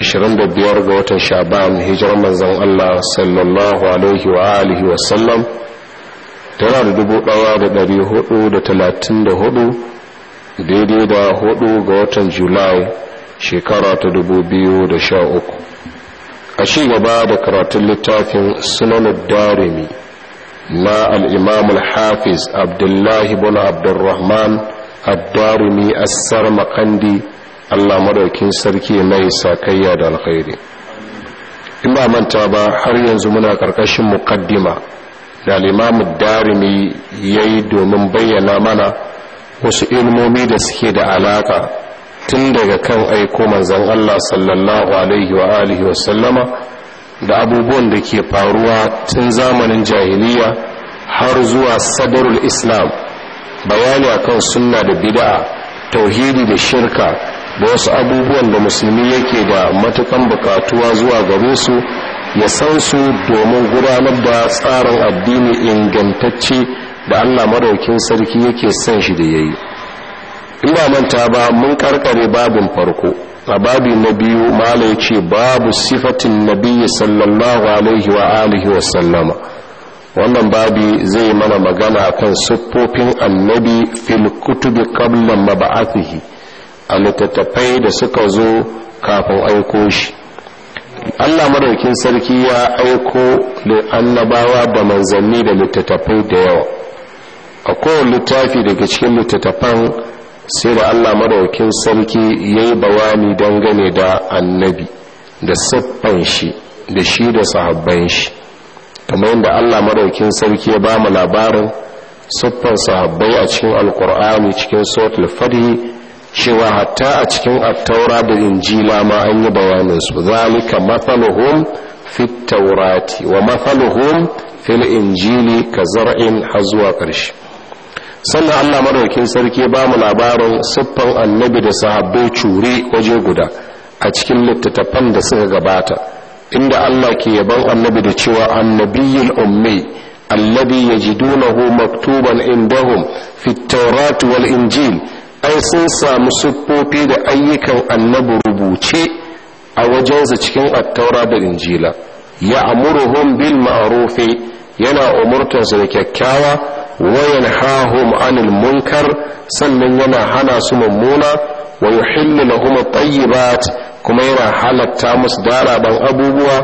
25 ga watan sha'ban hijirar manzon Allah sallallahu alaihi wa alihi wa sallam tana da 1434 daidai da 4 ga watan julai shekara ta 2013 a ci gaba da karatun littafin sunanar darimi na al'imam al-hafiz abdullahi bin abdullrahman ad-darimi as-sarmakandi Allah madaukin sarki mai sakayya da alkhairi in ba manta ba har yanzu muna karkashin muqaddima da al-Imam Darimi yayi domin bayyana mana wasu ilmomi da suke da alaka tun daga kan aiko manzon Allah sallallahu alaihi wa alihi wa sallama da abubuwan da ke faruwa tun zamanin jahiliya har zuwa sadarul islam bayani akan sunna da bid'a tauhidi da shirka da wasu abubuwan da musulmi yake da matukan bukatuwa zuwa gare su ya san su domin gudanar da tsarin addini ingantacce da allah maraukin sarki yake san shi da ya yi in manta ba mun karkare babin farko a babi na biyu mala ya ce babu sifatin nabiyyi sallallahu alaihi wa alihi wa sallama wannan babi zai mana magana kan siffofin annabi fil kutubi qabla mab'athihi a littattafai da suka zo kafin aiko shi allah madaukin sarki ya aiko da annabawa da manzanni da littattafai da yawa a kowane littafi daga cikin littattafan sai da allah madaukin sarki ya yi bawani dangane da annabi da siffan shi da shi da sahabban shi kamar yadda allah madaukin sarki ya ba mu labarin siffan sahabbai a cikin alkur'ani cikin suratul fadi cewa hatta a cikin attaura da injila ma an yi bayaninsu zalika mathaluhum fi taurati wa mathaluhum fil injili ka zar'in har zuwa ƙarshe sannan allah madaukin sarki ba mu labarin siffan annabi da sahabbai cure waje guda a cikin littattafan da suka gabata inda allah ke yaban annabi da cewa annabiyul ummi alladhi yajidunahu maktuban indahum fit tawrat wal injil ai sun samu siffofi da ayyukan annabi rubuce a wajensa cikin attaura da injila ya amuruhum bil ma'rufi yana umurtansu da kyakkyawa wa yanhahum anil munkar sannan yana hana su mummuna wa yuhillu lahum at-tayyibat kuma yana halatta musu daraban abubuwa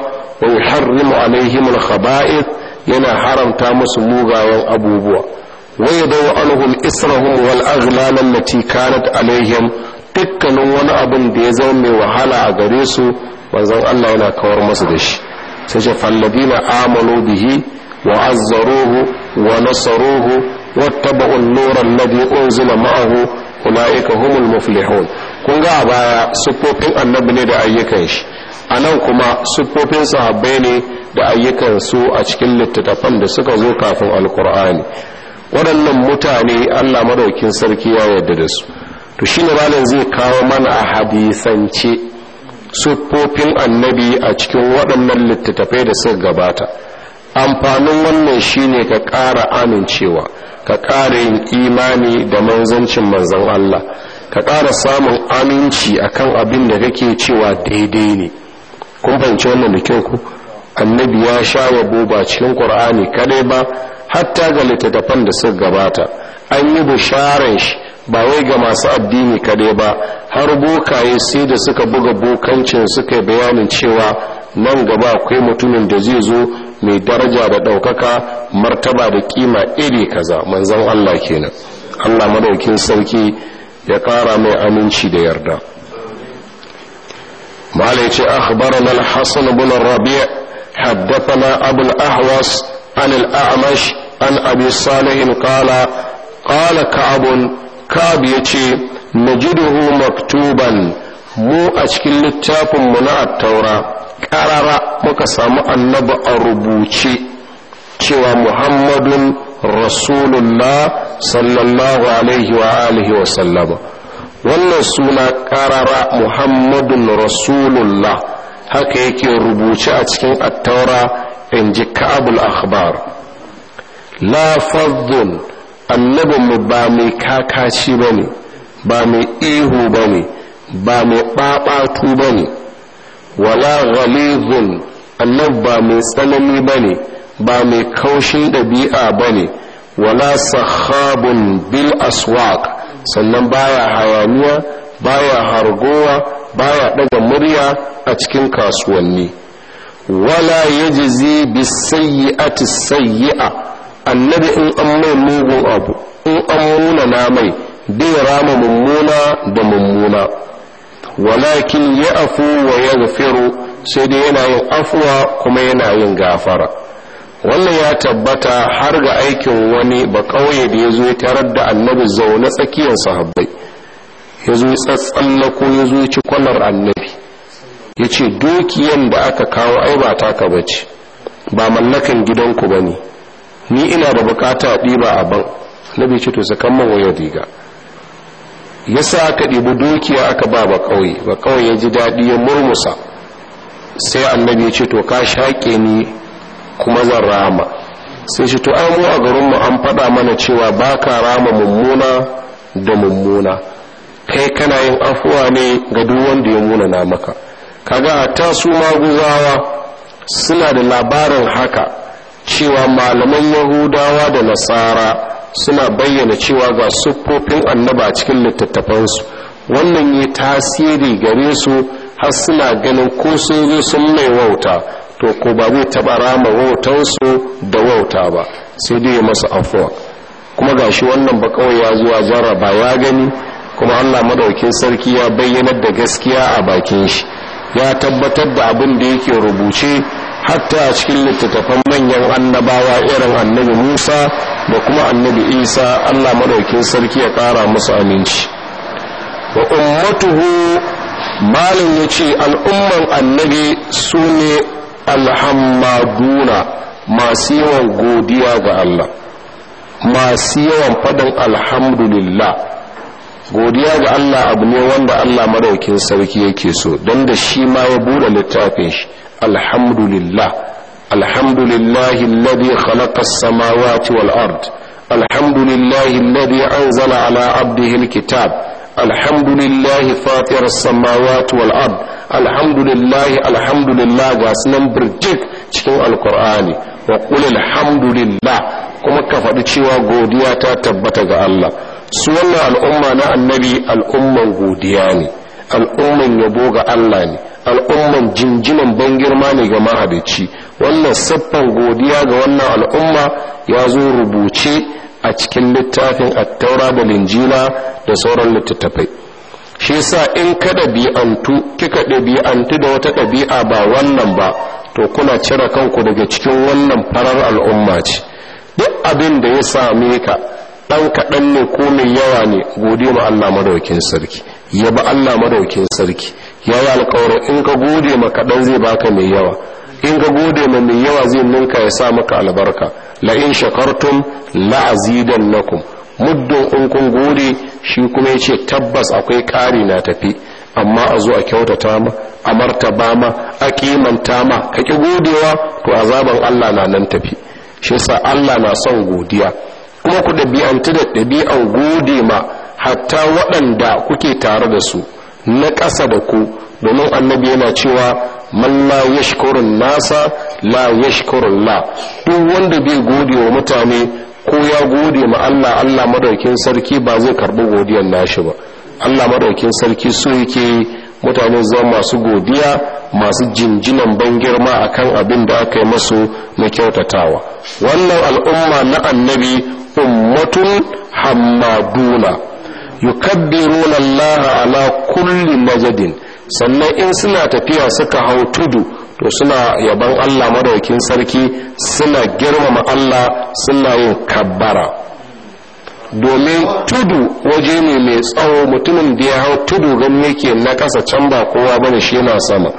wa yuharrimu alaihim al-khaba'ith yana haramta musu mugayen abubuwa ويدو عنهم إسرهم والأغلال التي كانت عليهم dukkanin wani abun da ya zama mai wahala a gare su manzon Allah yana kawar masu da shi sai ce falladina amanu bihi wa azzaruhu wa nasaruhu wattaba'u an-nura alladhi unzila ma'ahu ulaika humul muflihun kun ga a baya siffofin annabi ne da ayyukan shi a nan kuma siffofin sahabbai ne da ayyukan su a cikin littattafan da suka zo kafin alkur'ani waɗannan mutane allah maɗaukin sarki ya yarda da su to shi ne malam zai kawo mana a hadisance siffofin annabi a cikin waɗannan littattafai da suka gabata amfanin wannan shine ka ƙara amincewa ka ƙara yin imani da manzancin manzan Allah ka ƙara samun aminci akan abin da kake cewa daidai ne kun fahimci wannan da kyau ku annabi ya sha yabo ba cikin ƙur'ani kadai ba hatta ga littattafan da suka gabata an yi bisharar shi ba wai ga masu addini kadai ba har bokaye sai da suka buga bokancin suka bayanin cewa nan gaba akwai mutumin da zai zo mai daraja da ɗaukaka martaba da kima iri kaza manzon Allah kenan Allah madaukin sarki ya kara mai aminci da yarda malai ce akhbarana al-hasan ibn rabi' haddathana abul ahwas an al-a'mash an abi salihin kala kala ka'abun ka'ab ya ce duhu maktuban mu a cikin littafinmu na attaura ƙarara muka samu annabi a rubuce cewa muhammadun rasulullah sallallahu alaihi wa alihi wa sallama wannan suna ƙarara muhammadun rasulullah haka yake rubuce a cikin attaura in ji ka'abul akhbar la fadl annabinmu ba mai kakaci ba ne ba mai ihu ba ba mai ɓaɓatu ba ne wala ghalizun annab ba mai tsanani bane ba mai kaushin ɗabi'a bane wala sahabun bil aswaq sannan baya hayaniya baya hargowa baya ɗaga murya a cikin kasuwanni wala yajzi bis sayyi'ati sayyi'a annabi in an mai mugun abu in an muna na mai bai rama mummuna da mummuna walakin ya afu wa ya gafiru sai dai yana yin afuwa kuma yana yin gafara wannan ya tabbata har ga aikin wani ba kauye da ya zo ya tarar da annabi zaune tsakiyar sahabbai ya zo ko ya zo ci kwalar annabi ya ce dukiyan da aka kawo ai ba taka bace ba mallakan gidanku ba ne ni ina da bukata ɗiba a ban na bai to sakan man wayar riga ya sa aka ɗibi dukiya aka ba ba kawai ba kawai ya ji daɗi ya murmusa sai annabi ya ce to ka shaƙe ni kuma zan rama sai ce to ai mu a garinmu an faɗa mana cewa ba ka rama mummuna da mummuna kai kana yin afuwa ne ga duk wanda ya munana maka kaga a ta su maguzawa suna da labarin haka cewa malaman yahudawa da nasara suna bayyana cewa ga siffofin annaba cikin littattafansu wannan ya tasiri gare su har suna ganin ko sun zo sun mai wauta to ko ba zai taba rama wautansu da wauta ba sai dai masu afuwa kuma ga shi wannan ba kawai ya zuwa jarraba ya gani kuma allah madaukin sarki ya bayyanar da gaskiya a bakin shi ya tabbatar da abin da yake rubuce hatta a cikin littattafan manyan annabawa irin annabi musa da kuma annabi isa allah maɗaukin sarki ya ƙara musu aminci wa ummatuhu malin ya ce al'umman annabi su ne alhammaduna masu yawan godiya ga allah masu yawan faɗin alhamdulillah godiya ga allah abu ne wanda allah maɗaukin sarki yake so don da shi ma ya buɗe littafin shi alhamdulillah alhamdulillahi alladhi khalaqa as-samawati wal ard alhamdulillahi alladhi anzala ala abdihi al-kitab alhamdulillahi fatir as-samawati wal ard alhamdulillahi alhamdulillah ga sunan birjik cikin alkur'ani wa alhamdulillah kuma ka cewa godiya ta tabbata ga Allah su wannan al'umma na annabi al'umman godiya ne al'umman yabo ga Allah ne al'umman jinjinan ban girma ne ga mahadici wannan siffan godiya ga wannan al'umma ya zo rubuce a cikin littafin attaura da linjila da sauran littattafai shi sa in ka ɗabi'antu kika ɗabi'antu da wata ɗabi'a ba wannan ba to kuna cire kanku daga cikin wannan farar al'umma ce duk abin da ya same ka ɗan kaɗan ne ko mai yawa ne gode ma Allah madaukin sarki ya ba Allah madaukin sarki ya yi alkawarin in ka gode ma kaɗan zai baka mai yawa in ka gode ma mai yawa zai ninka ya sa maka albarka la'in in shakartum la azidan nakum muddin in kun gode shi kuma ya ce tabbas akwai ƙari na tafi amma a zo a kyautata ma a martaba ma a kimanta ma ka ki godewa to azaban Allah na nan tafi shi sa Allah na son godiya kuma ku ɗabi'antu da ɗabi'an gode ma hatta waɗanda kuke tare da su na ƙasa da ku domin annabi yana cewa man la yashkurun nasa la yashkurun la duk wanda bai gode wa mutane ko ya gode ma Allah Allah madaukin sarki ba zai karɓi godiyar nashi ba Allah madaukin sarki so yake mutane zama masu godiya masu jinjinan ban girma akan abin da aka yi masu na kyautatawa wannan al'umma na annabi ummatun hammaduna yukabbiruna Allah ala kulli majadin sannan in suna tafiya suka hau tudu to suna yaban Allah madaukin sarki suna girmama Allah suna yin kabbara domin tudu waje ne mai tsawo mutumin da ya hau tudu gan yake na kasa can ba kowa bane shi yana sama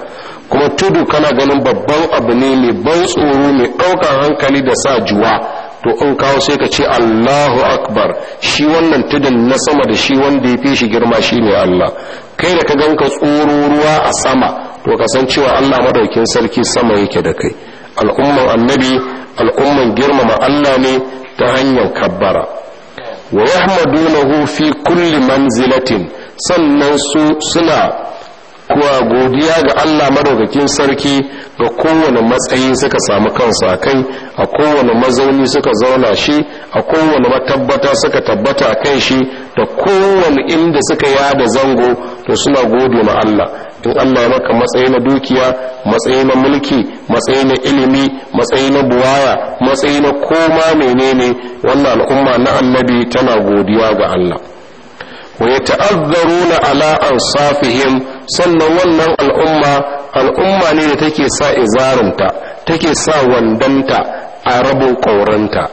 kuma tudu kana ganin babban abu ne mai ban tsoro mai ɗaukar hankali da sa juwa to in kawo sai ka ce Allahu akbar shi wannan tudun na sama da shi wanda ya fi shi girma shi ne Allah kai da ka ganka tsururuwa a sama to ka san cewa Allah madaukin sarki sama yake da kai al'umman annabi al'umman girmama Allah ne ta hanyar kabbara wa yahmadunahu fi kulli manzilatin sannan su suna kuwa godiya ga Allah madaukakin sarki ga kowane matsayi suka samu kansu a kai a kowane mazauni suka zauna shi a kowane matabbata suka tabbata a kan shi da kowane inda suka yada zango to suna gode ma Allah in Allah ya maka matsayi na dukiya matsayi na mulki matsayi na ilimi matsayi na buwaya matsayi na koma menene wannan al'umma na annabi tana godiya ga Allah wa ya na ala ansafihim sannan wannan al'umma al'umma ne da take sa izarinta take sa wandanta a rabin ƙauranta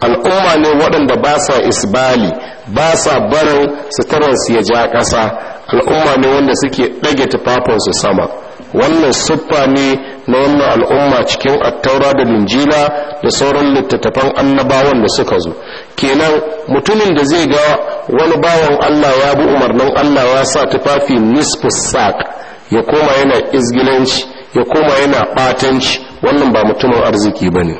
al'umma ne waɗanda ba sa isbali ba sa barin sutararsu ya ja ƙasa al'umma ne wanda suke ɗage tufafinsu sama wannan siffa ne na wannan al'umma cikin attaura da linjila da sauran littattafan annabawan da suka zo kenan mutumin da zai ga wani bawan allah ya bi umarnin allah ya sa tufafi nisfus sak ya koma yana izgilanci ya koma yana batanci wannan ba mutumin arziki ba ne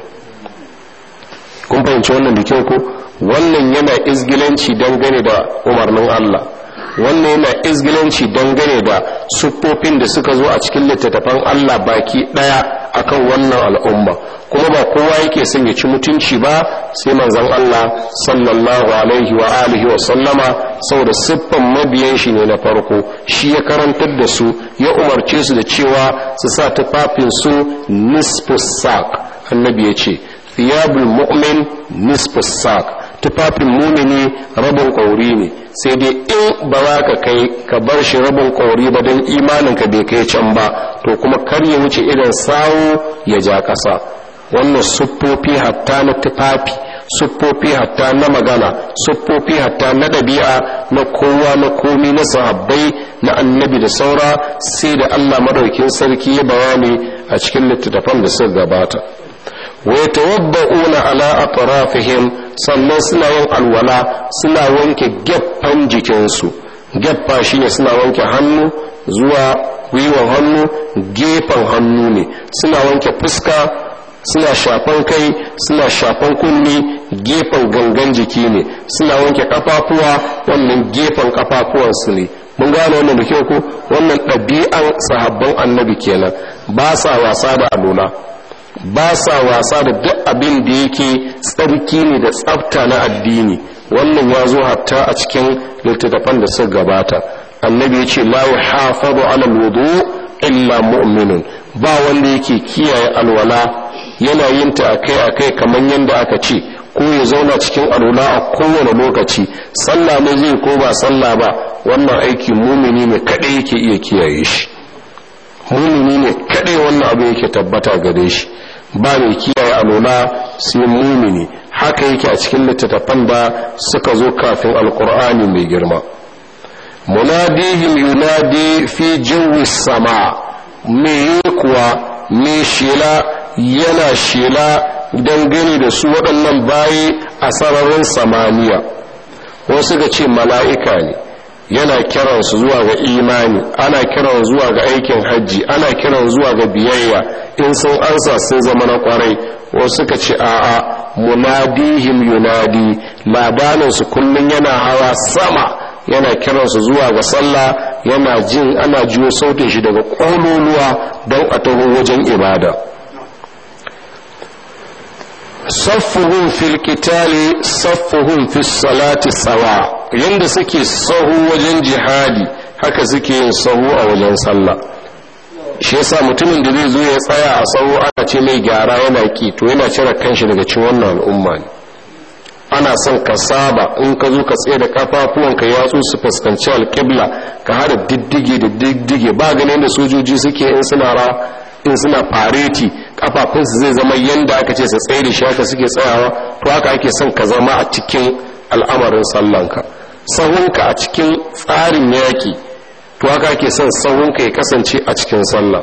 kun fahimci wannan da kyau ko wannan yana izgilanci dangane da umarnin allah wannan yana izgilanci dangane da siffofin da suka zo a cikin littattafan Allah baki daya akan wannan al'umma kuma ba kowa yake son ya ci mutunci ba sai manzon Allah sallallahu alaihi wa alihi wa sallama saboda siffan mabiyan shi ne na farko shi ya karantar da su ya umarce su da cewa su sa tufafin su nisfus sak annabi ya ce thiyabul mu'min nisfus tufafin mumini rabin kwauri ne sai dai in ba za ka kai ka bar shi rabin kwauri ba don imaninka bai kai can ba to kuma kar ya wuce idan sawo ya ja ƙasa wannan siffofi hatta na tufafi siffofi hatta na magana siffofi hatta na ɗabi'a na kowa na komi na sahabbai na annabi da saura sai da allah maɗaukin sarki ya ne a cikin littattafan da suka gabata wa yatawabba'una ala atrafihim sannan suna yin alwala suna wanke gaffan jikinsu gaffa shine suna wanke hannu zuwa gwiwan hannu gefen hannu ne suna wanke fuska suna shafan kai suna shafan kunni gefen gangan jiki ne suna wanke kafafuwa wannan gefen kafafuwansu ne mun gane wannan da kyau ko wannan ɗabi'ar sahabban annabi kenan ba sa wasa da alola ba sa wasa da duk abin da yake tsarki ne da tsafta na addini wannan ya zo hatta a cikin littattafan da suka gabata annabi ya ce la yuhafadu ala alwudu illa mu'minun ba wanda yake kiyaye alwala yana yin ta akai akai kamar yadda aka ce ko ya zauna cikin alwala a kowane lokaci sallah ne zai ko ba sallah ba wannan aiki mumini ne kadai yake iya kiyaye shi mumini ne kadai wannan abu yake tabbata gare shi ba mai kiyaye alola sai mumini haka yake a cikin littattafan da suka zo kafin alkur'ani mai girma munadihim yunadi fi jawi sama me kuwa me shela yana shela dangane da su waɗannan bayi a sararin samaniya wasu ga ce mala'ika ne yana kiransu su zuwa ga imani ana kiran zuwa ga aikin hajji ana kiran zuwa ga biyayya in sun ansa sun zama na kwarai wasu suka ce a'a munadihim yunadi labanin su kullun yana hawa sama yana kiran su zuwa ga sallah yana jin ana jiyo sautin shi daga kololuwa don a taho wajen ibada saffuhun filkitali qitali saffuhum fis salati sawa yanda suke sahu wajen jihadi haka suke yin sahu a wajen sallah shi yasa mutumin da zai zo ya tsaya a sahu ana ce mai gyara yana ki to yana cire kanshi daga cikin wannan al'umma ne ana son ka saba in ka zo ka tsaye da kafafuwan ya yatsu su fuskanci alƙibla ka hada diddige da diddige ba ganin da sojoji suke in suna ra in suna fareti kafafunsu zai zama yanda aka ce su tsaye da shi haka suke tsayawa to haka ake son ka zama a cikin al'amarin sallanka sahunka a cikin tsarin yaƙi to haka ke son sahunka ya kasance a cikin sallah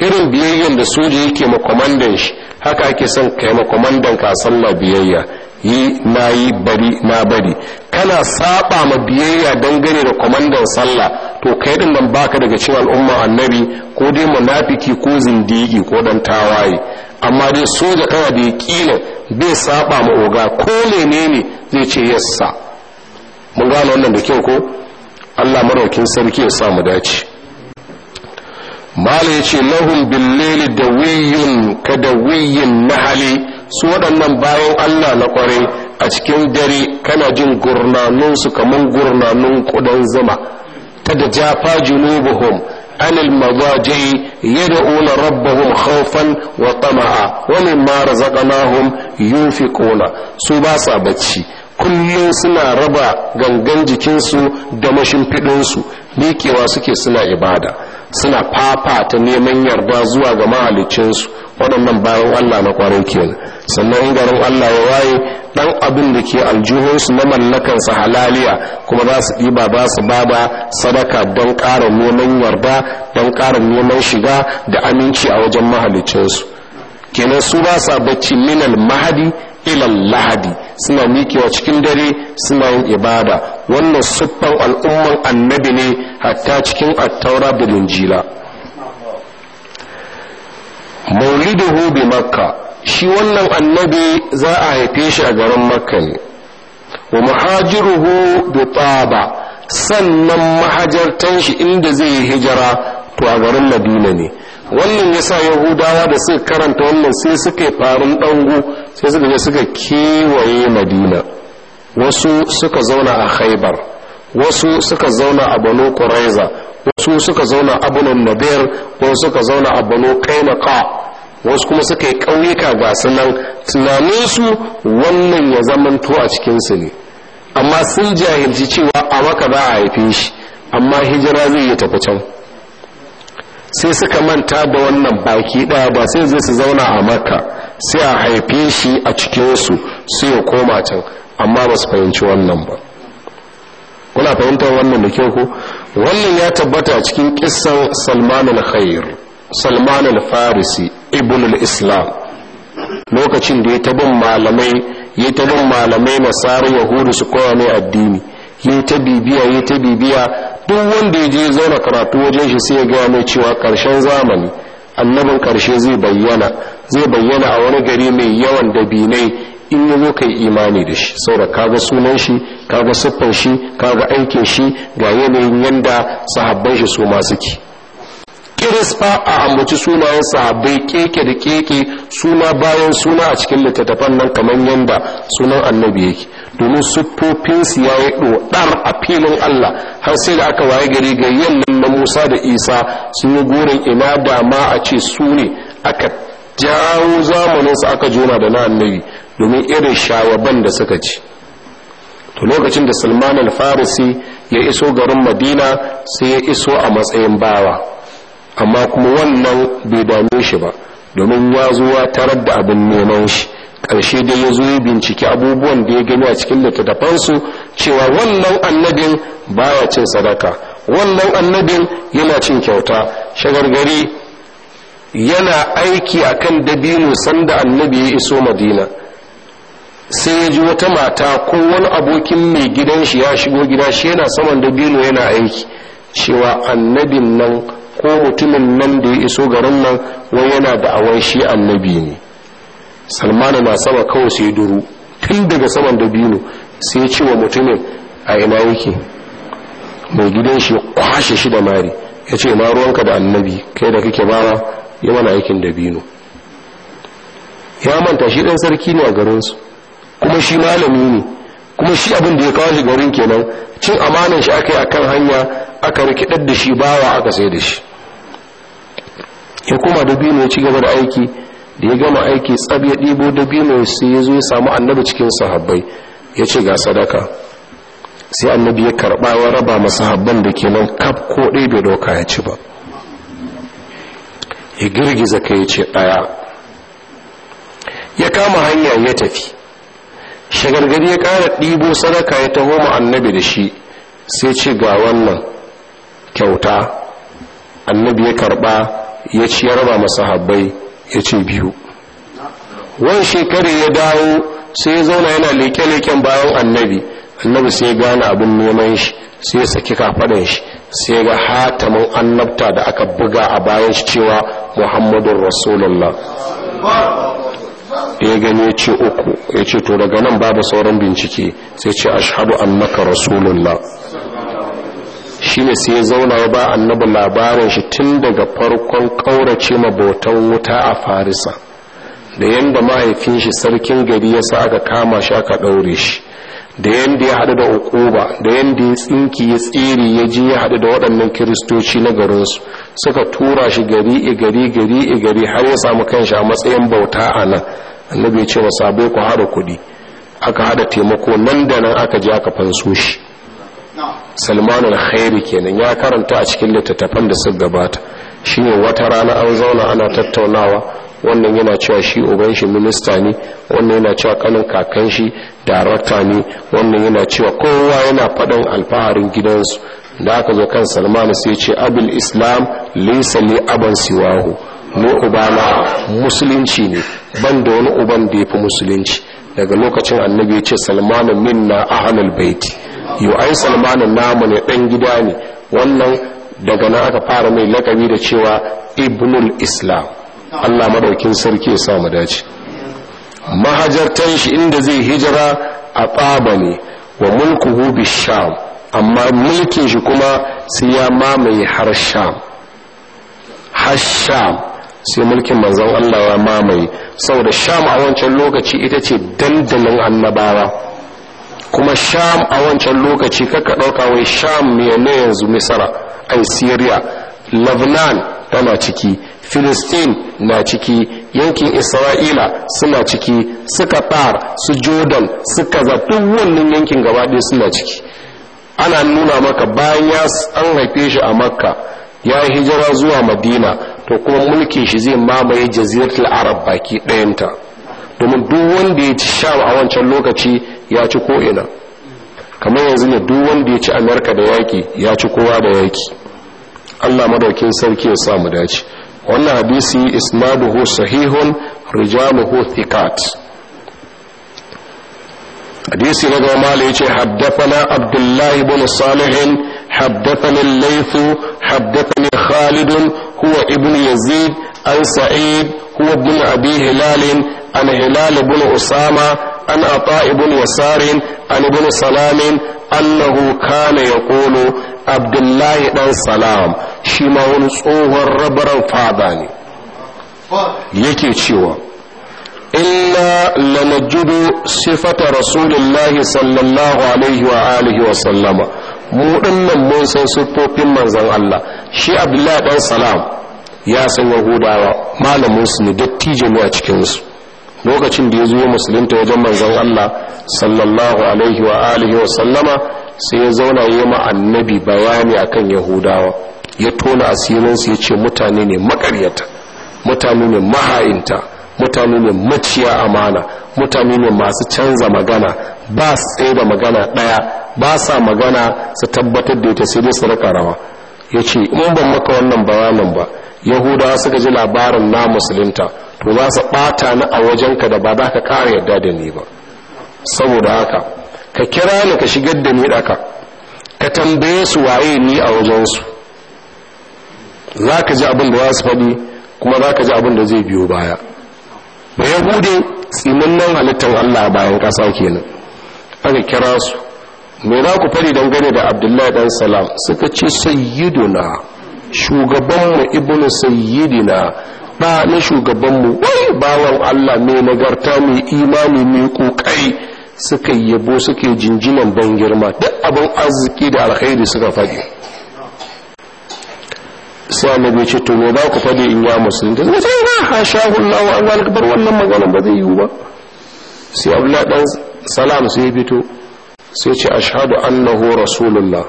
irin biyayya da soja yake ma kwamandan shi haka ake son ka ma kwamandan ka sallah biyayya yi na yi bari na bari kana saba ma biyayya dangane da kwamandan sallah to kai din nan baka daga cikin al'umma annabi ko dai munafiki ko zindigi ko dan tawaye amma dai soja kana da ne bai saba ma oga ko menene zai ce yassa mun gane wannan da kyau ko allah maraukin sarki ya sa dace mala yace ce lahum billeli da wiyun ka da wiyun nahali su waɗannan bayan allah na ƙwarai a cikin dare kana jin gurnanunsu kaman gurnanun ƙudan zuma ta da jafa junubuhum khawfan wa tama'a wa mimma razaqnahum yunfiquna su ba sa bacci. kullum suna raba gangan jikinsu da mashimfiɗinsu miƙewa suke suna ibada suna fafata neman yarda zuwa ga mahalicinsu waɗannan bayan allah na kwarai kenan sannan in garin allah ya waye ɗan abin da ke aljihunsu na mallakansa halaliya kuma za su ɗiba ba su ba ba sadaka don ƙara neman yarda don ƙara neman shiga da aminci a wajen mahalicinsu kenan su ba sa bacci minal mahadi ilal lahadi suna miƙewa cikin dare suna yin ibada wannan siffan al'umman annabi ne hatta cikin attaura da linjila mauliduhu bi makka shi wannan annabi za a haife shi a garin makka ne wa muhajiruhu bi taba sannan mahajartan shi inda zai yi hijira to a garin madina ne wannan ya yasa yahudawa da suka karanta wannan sai suka yi farin ɗangu sai suka je suka kewaye madina wasu suka zauna a haibar wasu suka zauna a bano kuraiza wasu suka zauna a bano nadir wasu suka zauna a bano kainaka wasu kuma suka yi ƙauyuka ga su nan tunaninsu wannan ya zamanto a cikinsu ne amma sun jahilci cewa a maka za a haife shi amma hijira zai yi tafi can sai suka manta da wannan baki ɗaya ba sai zai su zauna a maka sai a haife shi a cikinsu sai ya koma can amma ba su fahimci wannan ba kuna fahimtar wannan da kyau ko wannan ya tabbata a cikin kissan salman al-khair salman al-farisi ibn al-islam lokacin da ya tabin malamai ya tabin malamai nasarar yahudu su koya ne addini ya ta bibiya ya ta bibiya duk wanda ya je zauna karatu wajen shi sai ya gaya mai cewa karshen zamani annabin karshe zai bayyana zai bayyana a wani gari mai yawan da dabinai in ya zo kai imani da shi saboda kaga sunan shi kaga siffar shi kaga aikin shi ga yanayin yanda sahabban shi su ma suke kiris a ambaci sunayen sahabbai keke da keke suna bayan suna a cikin littattafan nan kamar yadda sunan annabi yake domin siffofinsu ya yi ɗoɗar a filin Allah har sai da aka waye gari ga yannan na Musa da Isa sun yi gurin ina da ma a ce su ne aka jawo zamanin su aka jona da na annabi domin irin shawaban da suka ci to lokacin da Salman al-Farisi ya iso garin Madina sai ya iso a matsayin bawa amma kuma wannan bai dame shi ba domin ya zo ya tarar da abin neman shi ƙarshe dai ya zo ya binciki abubuwan da ya gani a cikin littattafansu cewa wannan annabin baya cin sadaka wannan annabin yana cin kyauta shagargari yana aiki a kan dabino sanda annabi ya iso madina sai ya ji wata mata ko wani abokin mai gidan shi ya shigo gida shi yana saman dabino yana aiki cewa annabin nan ko mutumin nan da ya iso garin nan wai yana da awan shi annabi ne salmanu na sama kawai sai duru tun daga saman dabino sai ce wa mutumin a ina yake mai gidan shi kwashe shi da mari ya ce ma ruwanka da annabi kai da kake bawa ya mana aikin dabino ya manta shi ɗan sarki ne a garinsu kuma shi malami ne kuma shi abin da ya kawo shi garin kenan cin amanan shi aka yi a kan hanya aka rikidar da shi bawa aka sai da shi ya koma dabino ya ci gaba da aiki da ya gama aiki tsab ya ɗibo dabino sai ya zo ya samu annabi cikin sahabbai ya ce ga sadaka sai annabi ya karɓa ya raba masu habban da ke nan kaf ko ɗaya bai doka ya ci ba ya girgiza kai ya ce ɗaya ya kama hanya ya tafi shagargari ya kara ɗibo sadaka ya taho ma annabi da shi sai ce ga wannan kyauta annabi ya karɓa ya ci yarba masa ya ce biyu wani shekari ya dawo sai ya zauna yana leke-leken bayan annabi annabi sai gane abin neman shi sai ya saki kafaɗan shi sai ga hatamin annabta da aka buga a bayan shi cewa muhammadun rasulullah ya gani ya ce uku ya ce to daga nan babu sauran bincike sai ce ashadu annaka rasulullah shi ne sai zauna ba annabi labarin shi tun daga farkon kaurace mabotan wuta a farisa da yadda mahaifin shi sarkin gari ya sa aka kama shi aka ɗaure shi da yanda ya haɗu da ukuba da yanda ya tsinki ya tsiri ya je ya haɗu da waɗannan kiristoci na garinsu suka tura shi gari e gari gari e gari har ya samu kanshi a matsayin bauta a nan annabi ya ce wa sabai ku haɗa kuɗi aka haɗa taimako nan da nan aka ji aka fanso shi hairi alkhairi kenan ya karanta a cikin littattafan da suka gabata shine wata rana an zauna ana tattaunawa wannan yana cewa shi uban shi minista ne wannan yana cewa kanin kakan shi darakta ne wannan yana cewa kowa yana faɗin alfaharin gidansu da aka zo kan salman sai ce abul islam laysa li aban siwahu mu ubana musulunci ne ban da wani uban da yafi musulunci daga lokacin annabi ya ce salman minna ahlul baiti yo ai salman namu ne dan gida ne wannan daga nan aka fara mai lakabi da cewa ibnul islam Allah madaukin sarki ya sa mu dace mahajartan shi inda zai hijira a tsaba ne wa mulkuhu bi sham amma mulkin shi kuma sai ya mamaye har sham har sham sai mulkin manzon Allah ya mamaye saboda sham a wancan lokaci ita ce dandalin annabawa kuma sham a wancan lokaci kaka ɗauka wai sham ne yanzu misra ai syria lebanon tana ciki filistin na ciki yankin isra'ila suna ciki suka tar su jordan suka zafi wannan yankin gabaɗaya suna ciki ana nuna maka bayan ya an haife shi a makka ya yi hijira zuwa madina to kuma mulkin shi zai mamaye jaziratul arab baki ɗayanta domin duk wanda ya ci sham a wancan lokaci ya ci ko'ina kamar yanzu ne duk wanda ya ci amerika da yaki ya ci kowa da yaki allah madaukin sarki ya sa mu dace wannan hadisi isnaduhu sahihun rijaluhu thiqat hadisi na goma ya ce haddathana abdullahi ibn salihin haddathani laifu layth haddathani khalid huwa ibn yazid an sa'id huwa ibn abi hilal an hilal ibn usama an ata ibn wasarin an ibn salamin annahu kana yaqulu abdullahi dan salam shi ma wani tsohon rabar fada ne yake cewa Ila لنجد صفة رسول الله صلى الله عليه وآله وسلم مؤمن من سن صفوفين من زن الله شي عبد الله بن سلام يا سن يهودا ما لم يسن دتيجه a cikinsu lokacin da ya zo musulunta wajen manzon Allah sallallahu alaihi wa alihi wa sallama sai ya zauna ya ma annabi bayani akan yahudawa ya tona su ya ce mutane ne makaryata mutane ne maha'inta mutane ne maciya amana mutane ne masu canza magana ba su tsaye da magana ɗaya ba sa magana su tabbatar da ita sai dai su rika rawa ya ce in ban maka wannan bayanin ba yahudawa suka ji labarin na musulunta to za su ɓata ni a wajenka da ba za ka ƙara yadda da ni ba saboda haka ka kira ni ka shigar da ni ɗaka ka tambaye su waye ni a wajensu za ka ji abin da za su faɗi kuma za ka ji abin da zai biyo baya ba buɗe nan halittar allah bayan ƙasa kenan aka kira su me za ku faɗi gane da abdullahi dan salam suka ce sayyiduna shugabanmu ibnu sayyidina ba na shugabanmu wai bawan Allah mai nagarta mai imani mai kokari suka yabo suke jinjinan ban girma duk abin arziki da alkhairi suka faɗi sai annabi ce to me za ku faɗi in ya musulunta zai na hasha sha an zalika bar wannan magana ba zai yiwu ba sai abdullahi dan salam sai fito sai ce ashhadu annahu rasulullah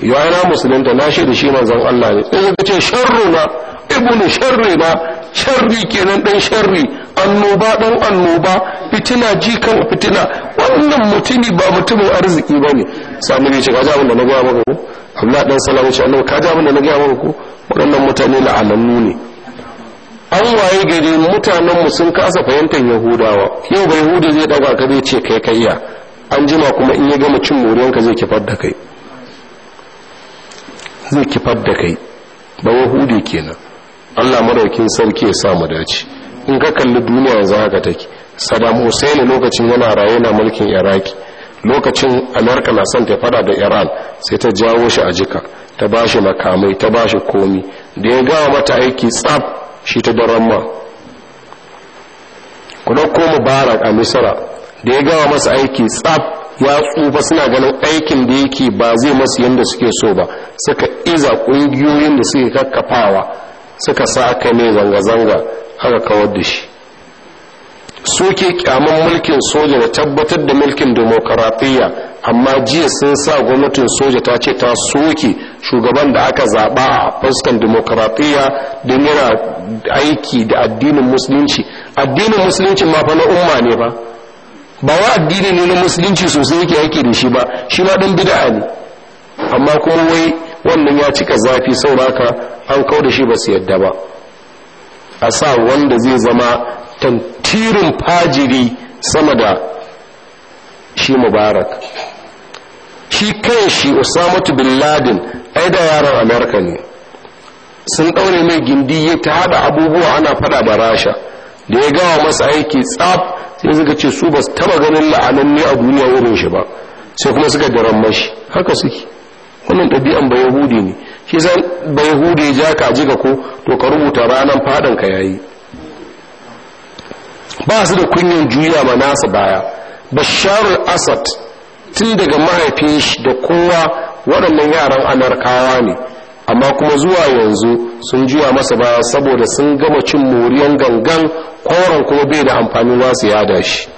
yana musulunta na shi da shi manzon Allah ne sai ya ce sharruna ibn sharri ba sharri kenan dan sharri annoba dan annoba fitina jikan fitina wannan mutumi ba mutumin arziki ba ne sami ne ce ka ji abin da na gaya maka ko Allah dan salamu ce Allah ka ji abin da na gaya maka ko waɗannan mutane la'anannu ne an waye gari mutanen mu sun kasa fahimtar yahudawa yau ba yahudi zai dauka ka zai ce kai kayya an jima kuma in ya gama cin ka zai kifar da kai zai kifar da kai ba yahudi kenan Allah madaukin sarki ya sa mu dace in ka kalli duniya yanzu haka take Saddam Hussein lokacin yana raye na mulkin Iraki lokacin Amerika na son ta fada da Iran sai ta jawo shi a jika ta bashi makamai ta bashi komi da ya gawa mata aiki tsaf shi ta daren ma ku dauko Mubarak a Misra da ya gawa masa aiki tsaf ya tsufa suna ganin aikin da yake ba zai masu yadda suke so ba suka iza ƙungiyoyin da suke kakkafawa suka sa aka mai zanga-zanga aka kawar da shi suke kyaman mulkin soja da tabbatar da mulkin demokaratiyya amma jiya sun sa gwamnatin soja ta ce ta soke shugaban da aka zaɓa a fuskan demokaratiyya don yana aiki da addinin musulunci addinin musulunci ma fa umma ne ba ba wa addini ne na musulunci sosai yake aiki da shi ba shi ma ɗan bida ne amma kuma wai wannan ya cika zafi sauraka an kawo da shi ba su yadda ba a sa wanda zai zama tantirin fajiri sama da shi mubarak shi kan shi usamatu bin ladin ai da yaron Amurka ne sun ɗaure mai gindi ya ta haɗa abubuwa ana faɗa da rasha da ya gawa masa aiki tsaf sai suka ce su ba su taɓa ganin la'ananne a duniya wurin shi ba sai kuma suka daren mashi haka suke wannan ɗabi'an ba yahudi ne shi zan ba yahudi ya ja ka ji ga ko to ka rubuta ranar fadan ka yayi ba su da kunyan juya ma nasa baya bashar asad tun daga mahaifin shi da kowa waɗannan yaran amurkawa ne amma kuma zuwa yanzu sun juya masa baya saboda sun gama cin moriyan gangan koren kuma bai da amfani masu yada shi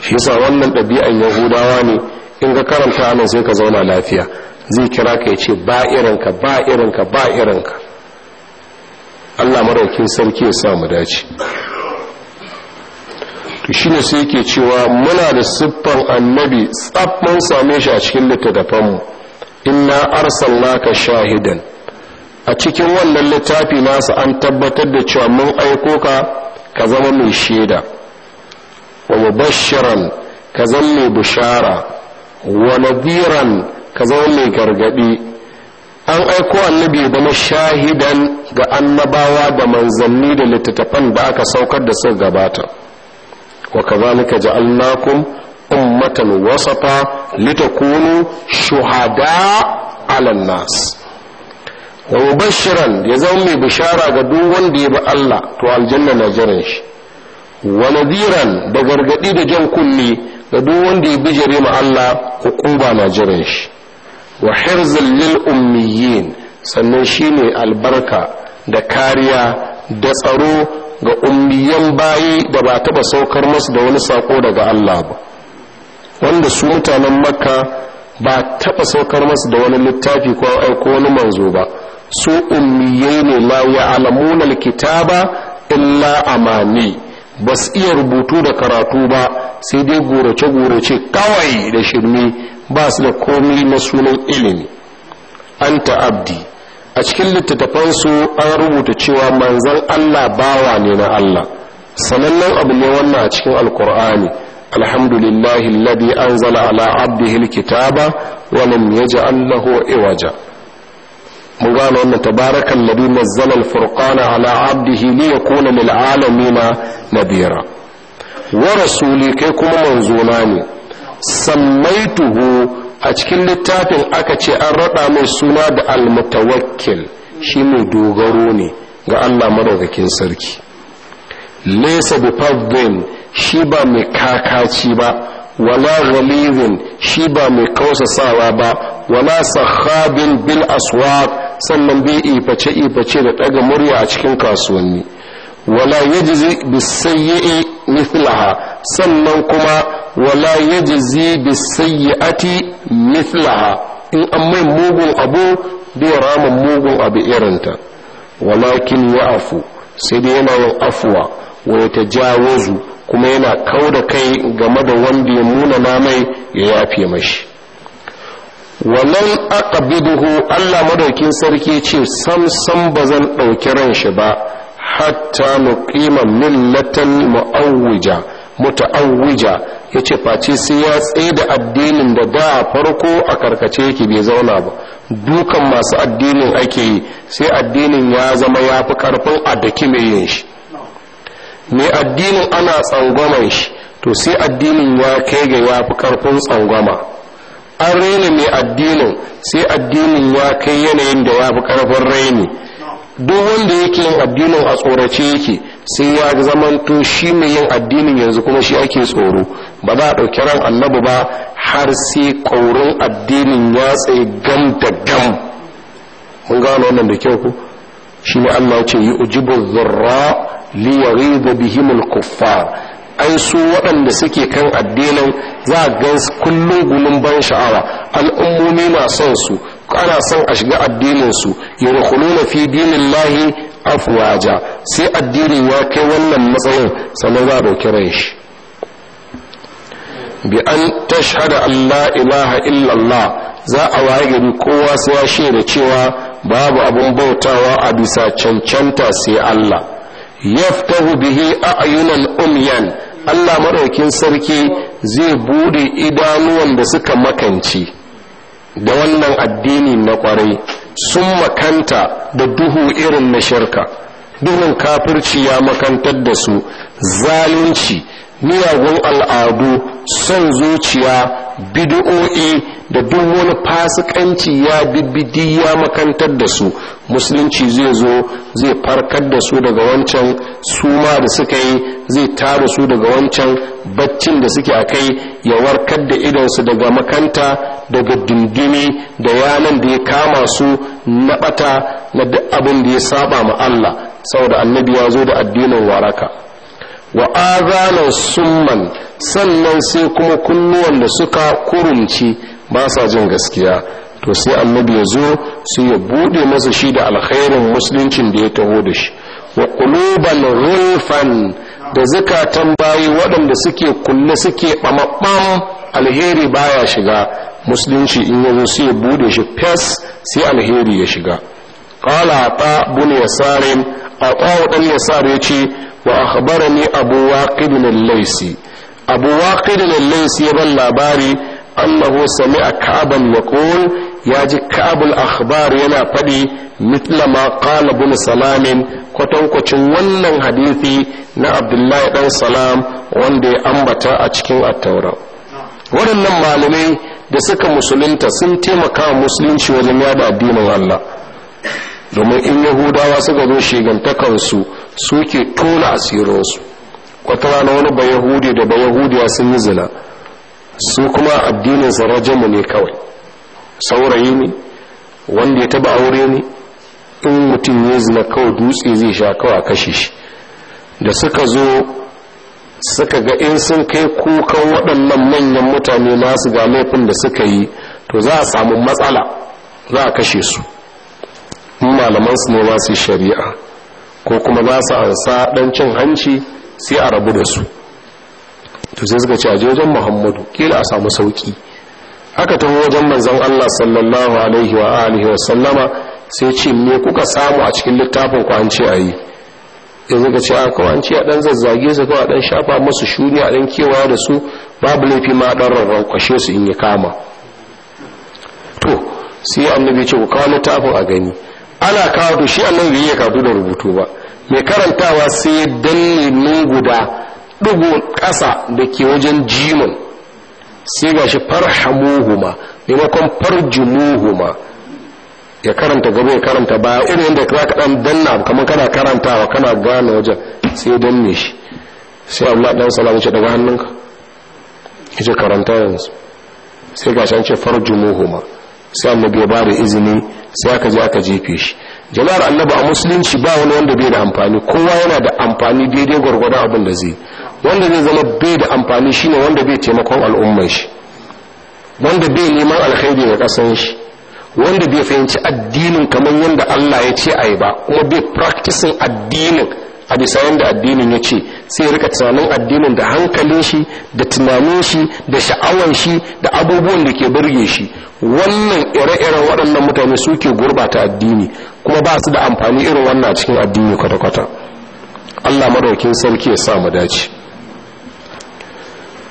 shi sa wannan ɗabi'an yahudawa ne in ga karanta anan sai ka zauna lafiya zai kira ka ya ce ba irinka ba irinka ba irinka allah maraukin sarki ya samu dace to shi ne sai ke cewa muna da siffan annabi tsab same shi a cikin littattafanmu inna arsalnaka shahidan a cikin wannan littafi nasa an tabbatar da cewa mun aiko ka ka zama mai shaida wa mubashiran ka zama mai bishara wa ka zama mai gargadi an aiko annabi zama shahidan ga annabawa da manzanni da littattafan da aka saukar da suka gabata wa kazalika ja'alnakum ummatan wasafa litakunu shuhada 'ala nas wa mubashiran ya zama mai bishara ga duk wanda ya bi Allah to aljanna na jiran shi wa nadiran da gargadi da jan kunne da duk wanda ya bijire ma Allah hukuma na jiran shi wa hirzul lil ummiyin sannan shine albarka da kariya da tsaro ga ummiyan bayi da ba taba saukar musu da wani sako daga Allah ba wanda su mutanen makka ba taba saukar musu da wani littafi ko aiko eh, wani manzo ba su ummiyai ne la alamuna alkitaba illa amani ba su iya rubutu da karatu ba sai dai gorace-gorace kawai da shirme ba su da komi na sunan ilimi an ta'abdi a cikin littattafansu an rubuta cewa manzan allah bawa ne na allah sanannen abu ne wannan a cikin alkur'ani alhamdulillahi ladi an zala ala abdihil kitaba walam allah allahu iwaja mun gane wannan tabarakan ladi nazzala al ala abdihi li yakuna lil alamina nadira wa rasuli kai kuma manzona ne sammaituhu a cikin littafin aka ce an rada mai suna da almatawakkil. shi mai dogaro ne ga Allah madaukakin sarki laysa bi fadhin shi ba mai kakaci ba wala ghalidin shi ba mai kausasawa ba wala sahabin bil aswaq sannan bai iface iface da ɗaga murya a cikin kasuwanni wala yajzi bisayyi'i mithlaha sannan kuma wala yajzi bisayyi'ati mithlaha in an mai mugun abu bai rama mugun abu irinta walakin ya afu sai dai yana yin afuwa wa ya tajawazu kuma yana kau da kai game da wanda ya muna mai ya yafe mashi bi duhu Allah madaukin sarki ce sam sam bazan ɗauki ran shi ba hatta muqima millatan muawwija mutaawwija yace face sai ya tsaye da addinin da da farko a karkace yake bai zauna ba dukan masu addinin ake yi sai addinin ya zama ya fi karfin a mai yin shi mai addinin ana tsangwaman shi to sai addinin ya kai ga ya fi karfin tsangwama an raina mai addinin sai addinin ya kai yanayin da ya fi karfin raini duk wanda yake yin addinin a tsorace yake sai ya zamanto shi mai yin addinin yanzu kuma shi ake tsoro ba za a ɗauki ran annabi ba har sai ƙaurin addinin ya tsaye gam da gam mun gano wannan da kyau ku shi ne allah ce yi ujibu zurra li yaghidu bihim al-kuffar ai su waɗanda suke kan addinin za a gan kullum gulun ban sha'awa al'ummomi na son su ana son a shiga addinin su yadkhuluna fi a afwaja sai addinin ya kai wannan matsayin sannan za a dauki ran shi bi an tashhada Allah ilaha illallah za a waye gari kowa sai ya shaida cewa babu abin bautawa a bisa cancanta sai Allah yaftahu bihi a'yunan umyan Allah maɗaukin sarki zai bude idanuwan da suka makanci da wannan addini na kwarai sun makanta da duhu irin na shirka duhun kafirci ya makantar da su zalunci miyagun al'adu son zuciya bid'o'i da duk wani fasikanci ya bibbidi ya makantar da su musulunci zai zo zai farkar da su daga wancan suma da suka yi zai tara su daga wancan baccin da suke a kai ya warkar da idonsu daga makanta daga dindimi da yanan da ya kama su na bata na duk abin da ya saba ma Allah saboda annabi ya zo da addinin waraka wa azanan summan sannan sai kuma kunnuwan da suka kurumci ba sa jin gaskiya to sai annabi ya zo sai ya bude masa shi da alkhairin musuluncin da ya taho da shi wa quluban rulfan da zakatan bayi waɗanda suke kulle suke ɓamaɓɓan alheri baya shiga musulunci in yazo sai ya bude shi fes sai alheri ya shiga qala ta bun yasarin a ɗan yasar ya ce wa ne abu waqid al-laysi abu waqid al-laysi ya ban labari annahu sami'a ka'ban yaqul ya ji ka'bul akhbar yana faɗi mithla ma qala ibn salamin kwatankwacin wannan hadisi na abdullahi dan salam wanda ya ambata a cikin at waɗannan malamai da suka musulunta sun taimaka musulunci wajen yada addinin Allah domin in yahudawa suka zo shigantakarsu. suke tona asirinsu wata rana wani bayahudi da bayahudiya sun yi zina su kuma addininsa rajamu ne kawai saurayi ne wanda ya taba aure ne in mutum ya zina kawai dutse zai sha kawai a kashe shi da suka zo suka ga in sun kai kukan waɗannan manyan mutane masu ga laifin da suka yi to za a samu matsala za a kashe su malaman su ne masu shari'a ko kuma za su ansa ɗan cin hanci sai a rabu da su to sai suka ce a wajen muhammadu kila a samu sauki haka ta wajen manzan Allah sallallahu alaihi wa alihi wa sallama sai ce me kuka samu a cikin littafin ku an ce yanzu ka ce a an a dan zazzage su kawai a dan shafa masu shuni a dan kewa da su babu laifi ma dan rarrar kwashe su in yi kama to sai annabi ce ku kawo littafin a gani ana kawo shi annabi ya kawo da rubutu ba mai karantawa sai ya danne nun guda ɗugu ƙasa da ke wajen jimin sai ga shi farhamuhuma maimakon farjumuhuma ya karanta gaba ya karanta baya irin yadda za ka ɗan danna kamar kana karantawa kana gane wajen sai danne shi sai allah ɗan salamu ce daga hannunka ya ce karanta yanzu sai ga shi an ce farjumuhuma sai Allah bai ba da izini sai aka je aka jefe shi jama'ar annabi a musulunci ba wani wanda bai da amfani kowa yana da amfani daidai gwargwado abin da zai wanda zai zama bai da amfani shine wanda bai taimakon al'ummar shi wanda bai neman alkhairi ga kasan shi wanda bai fahimci addinin kamar yadda Allah ya ce ayi ba kuma bai practicing addinin a bisa yadda addinin ya ce sai ya rika tunanin addinin da hankalin shi da tunanin shi da sha'awar shi da abubuwan da ke burge shi wannan ire-iren waɗannan mutane suke gurbata addini kuma ba su da amfani irin wannan cikin addini kwata-kwata allah maraukin sarki ya sa mu dace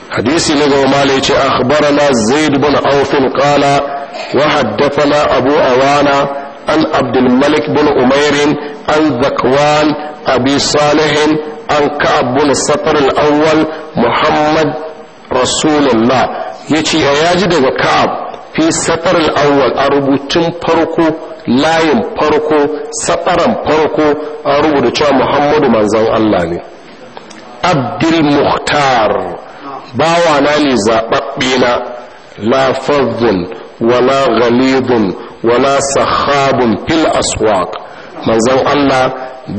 hadisi na gaba mala ya ce akhbarana zaid bin aufin qala wa haddathana abu awana an abdul bin umairin an zakwan abi salihin an ka'ab bin Safar al-awwal muhammad rasulullah yace ya ji daga ka'ab fi Safar al-awwal a rubutun farko layin farko satsaran farko an rubuta cewa muhammadu manzan allah ne abdul muhtar bawa na ne zaɓaɓɓe na la fadhun wala ghalidun wala sahabun fil aswaq manzan allah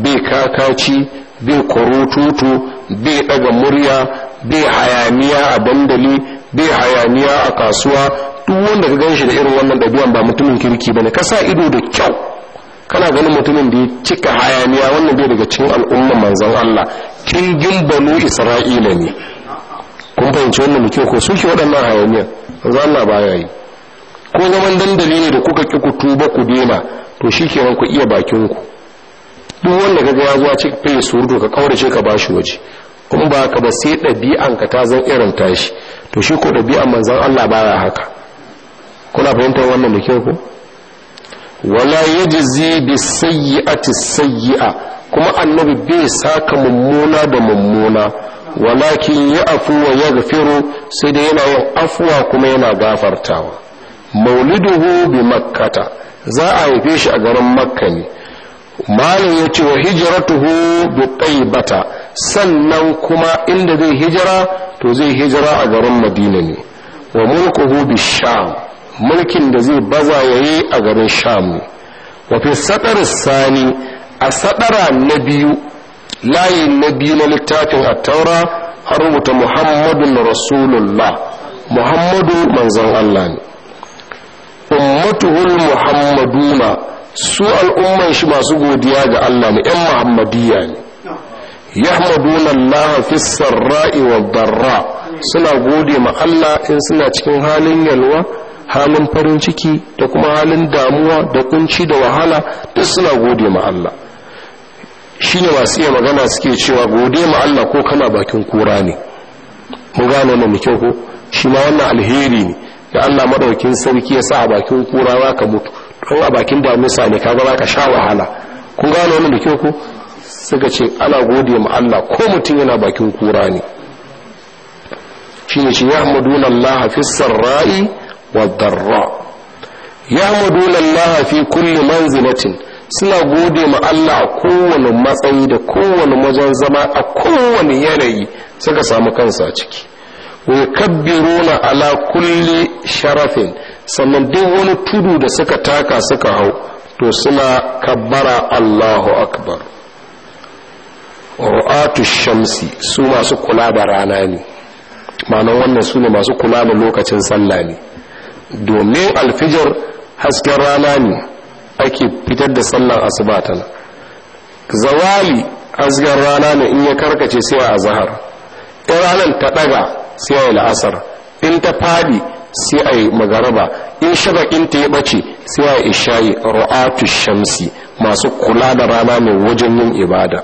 bai kakaci bai kurututu bai ɗaga murya bai hayaniya a dandali bai hayaniya a kasuwa duk wanda ka gan shi da irin wannan ɗabi'an ba mutumin kirki ba ne ka sa ido da kyau kana ganin mutumin da ya cika hayaniya wannan bai daga cikin al'umma manzon Allah kingin banu Isra'ila ne kun fahimci wannan mutum ko suke waɗannan hayaniya manzon Allah ya yi ko zaman dandali ne da kuka ki ku tuba ku dena to shi ke ku iya bakin ku duk wanda kaga ya zuwa cikin fayi surdu ka kaurace ka bashi waje kuma ba ka ba sai ɗabi'an ka ta zan irin tashi to shi ko ɗabi'an manzon Allah baya haka kuna fahimtar wannan da kyau ko wala yajzi bi sayyi'ati sayyi'a kuma annabi bai saka mummuna da mummuna walakin ya afu wa yaghfiru sai da yana yin afwa kuma yana gafartawa mauliduhu bi makkata za a haife shi a garin makka ne malam ya ce wa hijratuhu bi bata sannan kuma inda zai hijira to zai hijira a garin madina ne wa mulkuhu bi sham mulkin da zai baza yayi a garin sham wa sadar sani a sadara na biyu layi na biyu na littafin at-taura har rubuta muhammadun rasulullah muhammadu manzon Allah ne ummatuhul muhammaduna su al'umman shi masu godiya ga Allah ne ‘yan Muhammadiyya ne, yahmaduna Allah fi sarra'i wa barra suna gode ma Allah in suna cikin halin yalwa halin farin ciki da kuma halin damuwa da kunci da wahala duk suna gode ma Allah ne masu iya magana suke cewa gode ma Allah ko kana bakin kura ne mu gane mu kyau ko shi ma wannan alheri ne da Allah madaukin sarki ya sa a bakin kura ka mutu don a bakin damusa ne kaga ka sha wahala kun gane wannan kyau ko suka ce ana gode ma Allah ko mutum yana bakin kura ne shine shi yahmaduna Allah sarra'i والضراء يحمدون الله في كل منزلة suna gode ma Allah a kowane matsayi da kowane wajen zama a kowane yanayi suka samu kansa a ciki wai na ala kulli sharafin sannan duk wani tudu da suka taka suka hau to suna kabbara Allahu akbar ru'atu shamsi su masu kula da rana ne ma'anar wannan su ne masu kula da lokacin sallah ne domin alfijar hasken rana ne ake fitar da sallar asuba zawali hasken rana ne in ya karkace sai a zahar in ranar ta daga sai a yi la'asar in ta fadi sai a yi magaraba in in ta yi bace sai a yi ishayi ru'atu shamsi masu kula da rana mai wajen yin ibada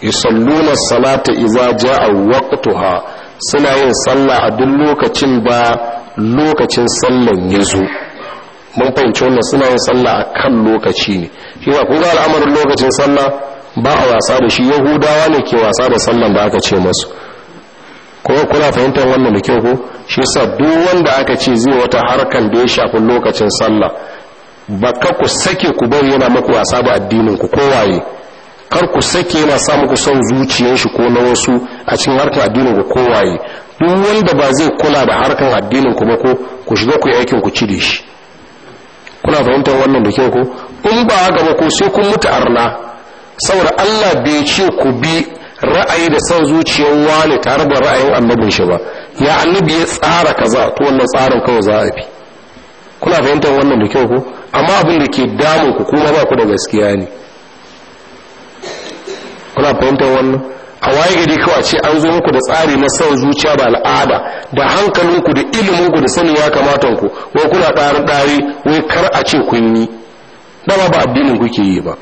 isalluna salata iza ja'a waqtuha suna yin sallah a duk lokacin ba lokacin sallan ya zo mun fahimci wannan suna yin sallah a kan lokaci ne shi ba kun ga al'amarin lokacin sallah ba a wasa da shi yahudawa ne ke wasa da sallan da aka ce masu kuma kuna fahimtar wannan da kyau ko shi sa duk wanda aka ce zai wata harkan da ya shafi lokacin sallah ba ka ku sake ku bari yana muku wasa da addinin ku waye kar ku sake yana sa muku son zuciyar shi ko na wasu a cikin harkar addinin ku waye. duk wanda ba zai kula da harkar addinin ku ba ko ku shiga ku aikin ku cire shi kuna fahimtar wannan da kyau ko in ba haka ba ko sai kun mutu arna saboda Allah bai ce ku bi ra'ayi da san zuciyar wani tare da ra'ayin annabin shi ba ya annabi ya tsara kaza to wannan tsarin kawai za a bi kuna fahimtar wannan da kyau ko amma abin da ke damun ku kuma ba ku da gaskiya ne kuna fahimtar wannan a waye gari kawai ce an zo muku da tsari na son zuciya ba al'ada da hankalinku da iliminku da sanin ya kamata ku wai kuna ɗari ɗari wai kar a ce kun yi dama ba addinin kuke yi ba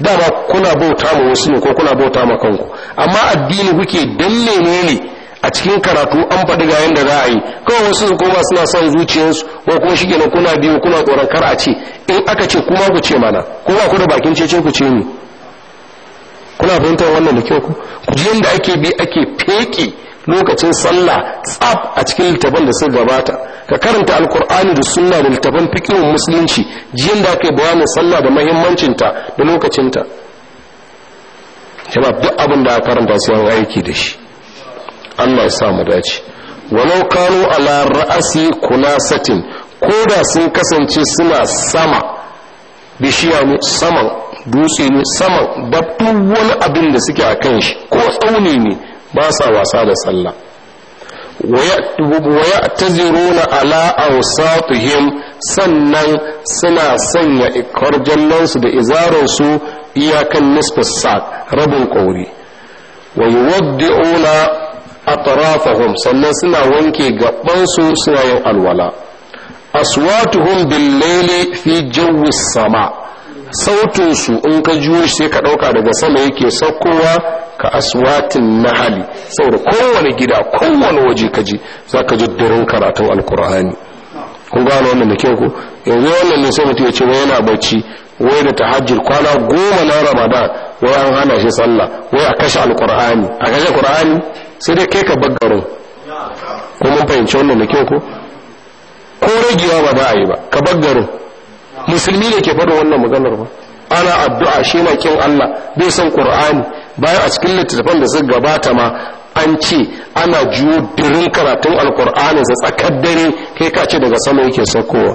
dama kuna bauta ma wasu ne ko kuna bauta ma kanku amma addini kuke dan menene a cikin karatu an faɗi ga yanda za a yi kawai wasu su koma suna son zuciyarsu ko kuma shi kuna biyu kuna tsoron kar a ce in aka ce kuma ku ce mana kuma ku da bakin cece ku ce ni kuna fahimtar wannan da kyau ku ji yadda ake bi ake feke lokacin sallah tsaf a cikin littafan da suka gabata ka karanta alkur'ani da sunna da littafan fiqhin musulunci ji yadda ake bayanin sallah da muhimmancinta da lokacinta jama'a duk abin da karanta sai an aiki da shi Allah ya sa mu dace walau kanu ala ra'asi kunasatin ko da sun kasance suna sama bishiya saman dutse ne sama da duk wani abin da suke a kan shi ko tsauni ne ba sa wasa da sallah waya ta zirona ala ausatuhim sannan suna sanya jallansu da izaransu iyakan nisfis sa'ad rabin kauri wa yuwaddi'una atrafahum sannan suna wanke gabansu suna yin alwala aswatuhum bil fi jawwis sama' sautinsu in ka juyo shi sai ka ɗauka daga sama yake saukowa ka aswatin nahali saboda kowane gida kowane waje ka ji za ka ji daren karatun alkur'ani kun gano wannan da kyau ku yanzu wannan ne sai mutum ya ce wai yana bacci wai da tahajjud kwana goma na ramadan wai an hana shi sallah wai a kashe alkur'ani a kashe alkur'ani sai dai kai ka baggarin ko mun fahimci wannan da kyau ku ko ragewa ba za a yi ba ka baggarin musulmi ne ke faɗin wannan maganar ba ana addu'a shi na kin Allah bai san Qur'ani bayan a cikin littattafan da suka gabata ma an ce ana juyo dirin karatun alkur'ani sa tsakar dare kai ka ce daga sama yake saukowa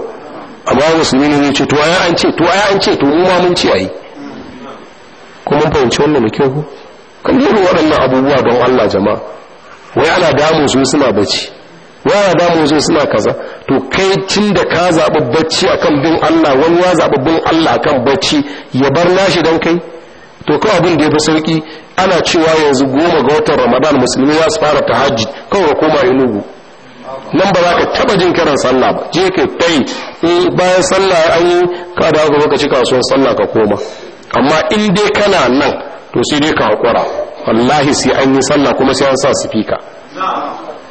amma musulmi ne ce to ya an ce to ya an ce to mu ma mun ce ai ko mun fahimci wannan da kyau kan dole waɗannan abubuwa don Allah jama'a wai ana damu su suna bacci waya ba mu zo suna kaza to kai tun da ka zaɓi bacci akan bin Allah wani ya zaɓi bin Allah akan bacci ya bar nashi dan kai to kawai abin da ya fi sauki ana cewa yanzu goma ga watan ramadan musulmi za su fara tahajjud kawai ka koma inugu nan ba za ka taba jin kiran sallah ba je ka tai in eh, bayan sallah an yi ka da ka lokaci kasuwar sallah ka koma amma in dai kana nan to sai dai ka hakura wallahi sai an yi sallah kuma sai an sa sifika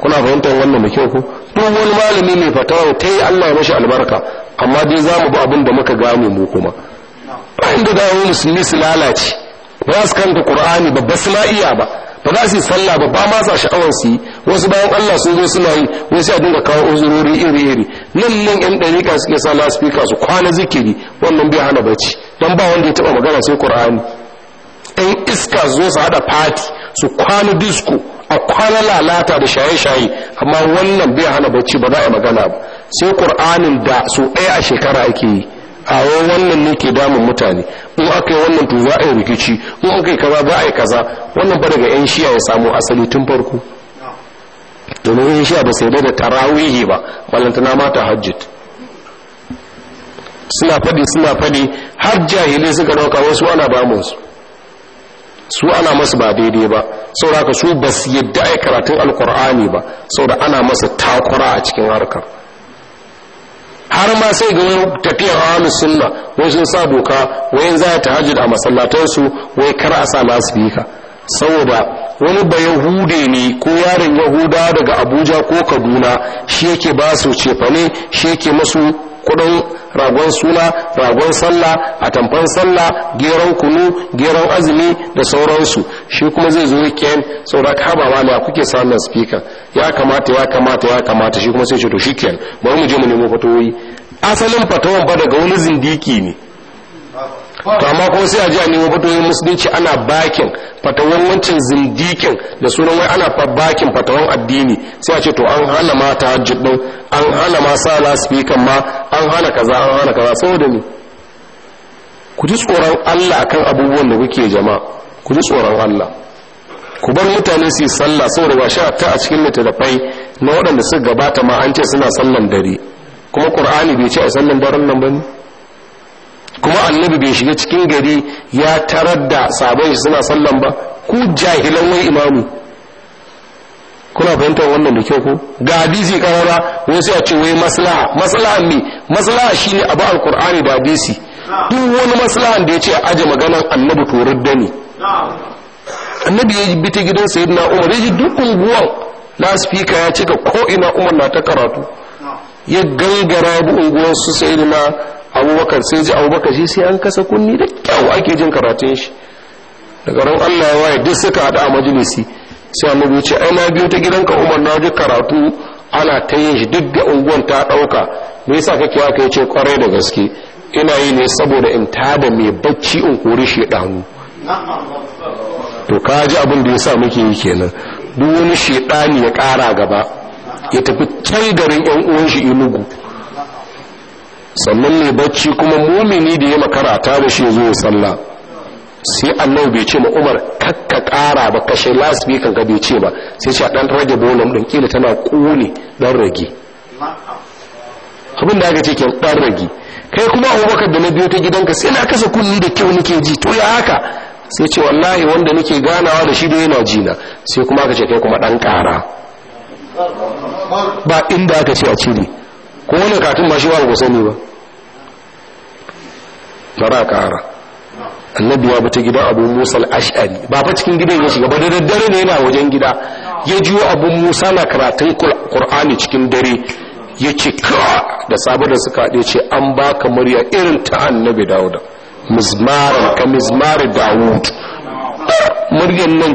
kuna fahimtar wannan da kyau ko duk wani malami ne fatawa ta yi Allah ya mashi albarka amma dai za mu bi abin da muka gane mu kuma bayan da dawo musulmi su lalace ba za su kanta qur'ani ba ba su ba ba za su yi sallah ba ba ma sa sha'awar su yi wasu bayan Allah sun zo suna yi wasu a dinga kawo uzurori iri iri nan nan yan ɗarika suke sa laspika su kwana zikiri wannan bai hana bacci dan ba wanda ya taba magana sai qur'ani ɗan iska zo su haɗa fati su kwana disko a kwana lalata da shaye-shaye amma wannan bai hana bacci ba za a magana ba sai ƙur'anin da su ɗaya a shekara ake yi a wannan ne ke damun mutane in aka yi wannan to za a yi rikici in aka yi kaza za a yi kaza wannan ba daga yan shiya ya samu asali tun farko domin yan shiya ba sai da tarawihi ba ballantana ma ta hajjit suna faɗi suna faɗi har jahilai suka ɗauka wasu ana bamunsu su ana masu ba daidai ba aka su ba su yadda a karatun alkur'ani ba saboda ana masu takura a cikin harkar har ma sai ga wani tafiyar wani sunna wai sun sa doka wai za ta hajji a masallatansu wai kar a sa ka. saboda wani ba yahude ne ko yaron yahuda daga abuja ko kaduna shi yake ba su cefane shi yake masu kudin ragon suna ragon sallah atamfan sallah geron kunu geron azumi da sauransu shi kuma zai zo ken saboda ka haba a kuke samun speaker ya kamata ya kamata ya kamata shi kuma sai ce to bari mu je mu nemo fatoyi asalin fatawan ba daga wani zindiki ne to amma kuma sai a ji a nemo fatoyin musulunci ana bakin fatawan wancan zindikin da sunan wai ana bakin fatawan addini sai a ce to an hana ma ta hajji an hana ma sa laspikan ma an hana kaza an hana kaza saboda ne ku ji tsoron Allah akan abubuwan da kuke jama ku ji tsoron Allah ku bar mutane su yi sallah saboda ba sha ta a cikin littattafai na waɗanda suka gabata ma an ce suna sallan dare kuma qur'ani bai ce a sallan daren nan ne kuma annabi bai shiga cikin gari ya tarar da sabon shi suna sallan ba ku jahilan wai imamu kuna fahimtar wannan da kyau ko ga hadisi karara wai sai a ce wai maslaha maslaha ne maslaha shine abu alqur'ani da hadisi duk wani maslaha da ya ce aje maganar annabi to rudda ne annabi ya bi ta gidan sayyidina umar ya ji duk unguwan speaker ya cika ko ina umar na ta karatu ya gangara bu unguwar su sayyidina abubakar sai ji abubakar shi sai an kasa kunni da kyau ake jin karatun shi daga ran allah ya waye duk suka hada a majalisi sai annabi ce ai na biyo ta gidanka umar na ji karatu ana ta yin shi duk da unguwan ta ɗauka me yasa kake haka ya ce kwarai da gaske ina yi ne saboda in ta da mai bacci in kori shi ɗanu to ka ji abin da ya sa muke yi kenan duk wani ne ya kara gaba ya tafi can garin 'yan uwan shi inugu sannan mai bacci kuma mumini da ya makara ta da shi zuwa sallah sai annabi bai ce ma umar kakka kara ba kashe lasbikan ka bai ce ba sai ce a dan rage bolon din kila tana ƙuni dan rage abin da aka ce ke dan rage kai kuma a wakar da na biyo ta gidanka sai na kasa kunni da kyau nake ji to ya haka sai ce wallahi wanda nake ganawa da shi da yana jina sai kuma aka ce kai kuma dan kara ba inda aka ce a cire ko wani katin ba shi ba ku sani ba bara kara annabi ya ta gidan abu musa al-ash'ari ba fa cikin gidan ya shiga ba da daddare ne yana wajen gida ya jiwo abu musa na karatun qur'ani cikin dare ya ce ka da sabon da suka haɗe ce an ba ka murya irin ta annabi dawuda mizmarin ka mizmarin dawud muryan nan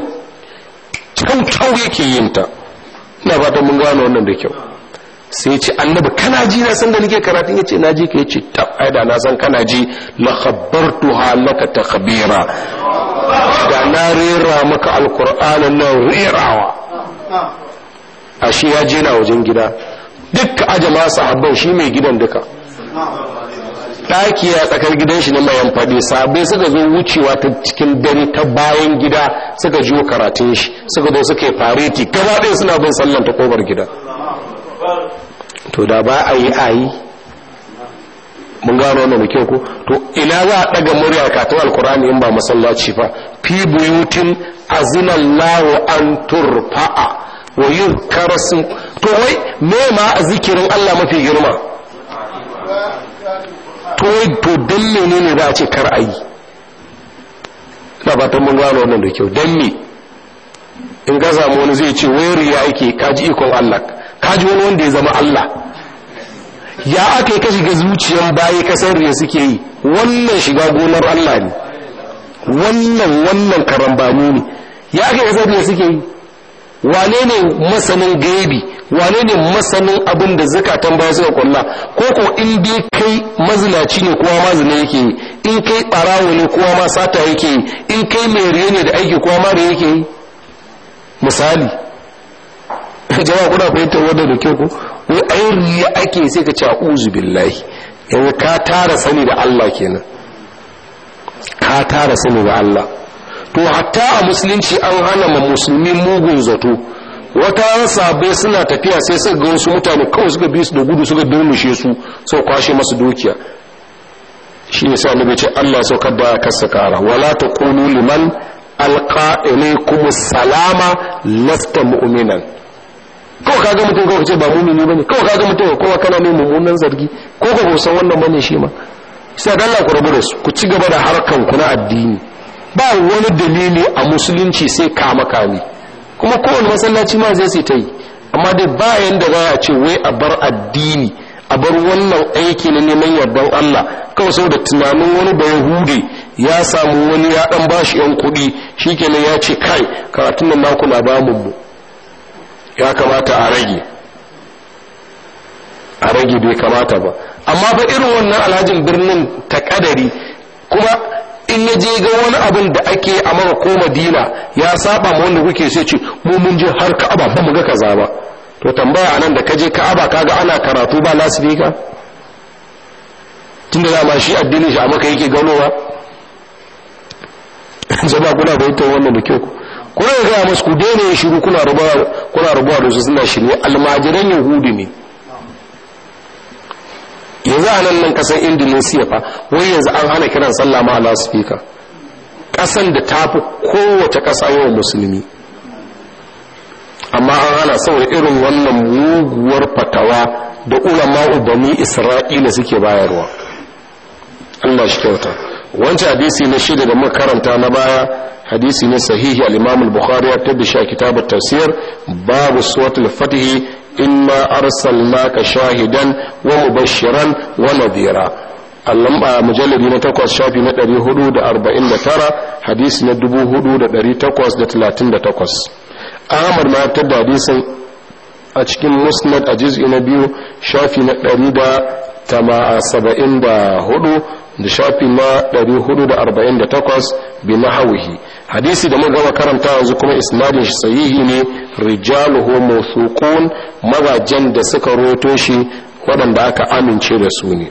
kyau yake yin ta ina fata mun gano wannan da kyau sai ce annabi kana ji na san da nake karatun yace na ji ka yace ta ai na san kana ji la khabartuha ta takbira da na rera maka alqur'anin nan rerawa ashe ya je na wajen gida duk ajama sahabban shi mai gidan duka ɗaki ya tsakar gidan shi na mayan fadi sabai suka zo wucewa ta cikin dare ta bayan gida suka jiwo karatun shi suka zo suka yi fareti gaba ɗaya suna bin sallan ta kobar gida to da ba a yi a yi mun gano wannan da kyau ko to ina za a daga murya katon alkurani in ba masallaci ba fi buyutin azinallahu an turfa'a wa yuzkar to wai me ma zikirin Allah mafi girma to to dan menene za a ce kar ayi ba ta mun gano wannan da kyau dan me in ga samu wani zai ce wai riya yake kaji ikon Allah kaji wani wanda ya zama Allah ya aka yi ka shiga zuciyar bayi kasar da suke yi wannan shiga gonar Allah ne wannan wannan karambani ne ya aka yi kasar da suke yi wane ne masanin gaibi wane ne masanin abin da zakatan baya suka kwalla ko ko in dai kai mazinaci ne kowa ma yake yi in kai barawo ne kowa ma sata yake yi in kai mai riye ne da aiki kowa ma da yake yi misali jama'a kuna fahimtar wannan da kyau ko wai ayin riya ake sai ka a uzu billahi yanzu ka tara sani da Allah kenan ka tara sani da Allah to hatta a musulunci an hana ma musulmi mugun zato wata sabai suna tafiya sai suka ga wasu mutane kawai suka bi su da gudu suka durmushe su sau kwashe masu dukiya shi ne sa nabi ce Allah saukar da kasa kara wala ta kunu liman alqa kuma salama lasta mu'minan kawai kaga mutum kawai ce ba mumini bane kawai kaga mutum kowa kana ne mummunan zargi ko ka san wannan bane shi ma sai da Allah ku rabu da su ku ci gaba da harkan ku na addini ba wani dalili a musulunci sai kama kame kuma kowane masallaci ma zai sai ta yi amma dai bayan da za a ce wai a bar addini a bar wannan aiki na neman yardan Allah kawai saboda tunanin wani da hude ya samu wani ya dan bashi yan kuɗi shikenan ya ce kai karatun nan naku na bamun mu ya kamata a rage a rage bai kamata ba amma fa irin wannan alhajin birnin ta kadari kuma in ya je ga wani abin da ake a maka ko madina ya saba ma wanda kuke sai ce mu mun je har ka'aba ba mu ga kaza ba to tambaya anan da ka je ka'aba kaga ana karatu ba ka? tunda dama shi addinin shi a maka yake ganowa jama'a kuna ita wannan da kyau kuna ya gaya masu ku daina ya shiru kuna rubuwa da su suna shirye almajiran yahudi ne yanzu a nan nan kasar indonesia fa wai yanzu an hana kiran sallah ma ala speaker kasan da ta fi kowace kasa yawan musulmi amma an hana saboda irin wannan muguwar fatawa da ulama ubani isra'ila suke bayarwa Allah shi kyauta wancan hadisi na shida da makaranta na baya hadisi ne sahihi al-imam al-bukhari ya tabbi shi a kitabut tafsir babu suratul fatih inna arsalnaka shahidan wa mubashiran wa nadhira allamba mujalladi na takwas shafi na 449 hadisi na 4838 ahmad ma ya tabbi hadisin a cikin musnad a juz'i na biyu shafi na 174 da shafi ma 448 bi nahawihi hadisi da mun karanta yanzu kuma isnadin shi sahihi ne rijaluhu mawthuqun mazajen da suka roto shi waɗanda aka amince da su ne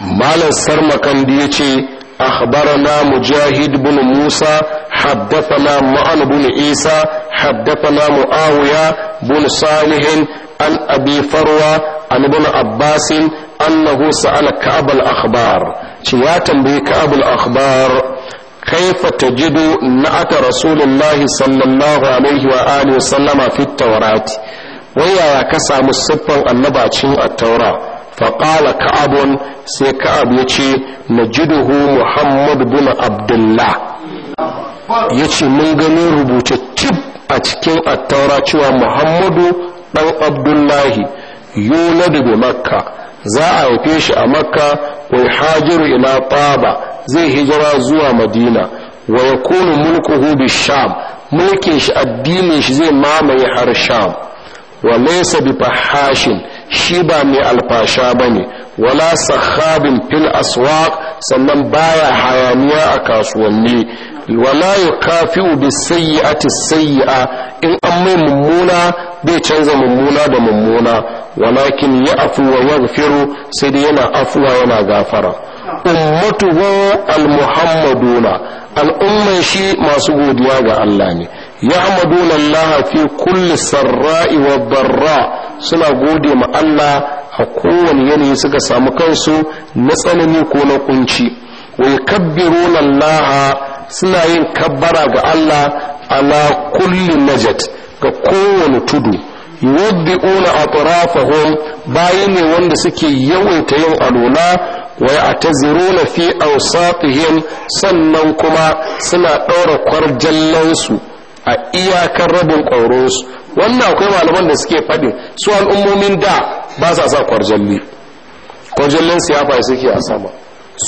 malam sarmakandi yace ce mujahid مجاهد بن موسى حدثنا معن بن عيسى حدثنا معاوية بن صالح عن أبي فروة عن ابن عباس annahu sa'ala ka'ab al-akhbar ci ya tambayi ka'ab al Kaifata jidu tajidu na'ata rasulullahi sallallahu alaihi wa alihi wa sallama fi tawrat waya ka samu siffan annabacin at-taura فقال كعب سي كعب يتي نجده محمد بن عبد الله يتي من غني ربوت تب أتكين التوراة Muhammadu بن عبد الله يولد بمكة za a haife shi a makka wai hajiru ila taba zai hijira zuwa madina wa ya kunu mulkuhu bi sham mulkin shi addinin shi zai mamaye har sham wa laysa bi fahashin shi ba mai alfasha bane wala sahabin fil aswaq sannan baya hayaniya a kasuwanni wala yukafi'u bi sayyi'ati sayyi'a in an mai mummuna bai canza mummuna da mummuna walakin ya afuwa ya gafiru sai dai yana afuwa yana gafara ummatuhu almuhammaduna al'umman shi masu godiya ga Allah ne yahmaduna Allah fi kulli sarra'i wa barra suna gode ma Allah a kowane yanayi suka samu kansu na tsanani ko na kunci wa yukabbiruna Allah suna yin kabbara ga Allah ala kulli najat ga kowane tudu yuddi'una atrafahum bayi ne wanda suke yawaita yin alula wa ya'taziruna fi awsatihim sannan kuma suna ɗaura kwarjallansu a iyakar rabin ƙwauronsu wannan akwai malaman da suke faɗi su al'ummomin da ba sa sa kwarjalli kwarjallin siyafa suke a sama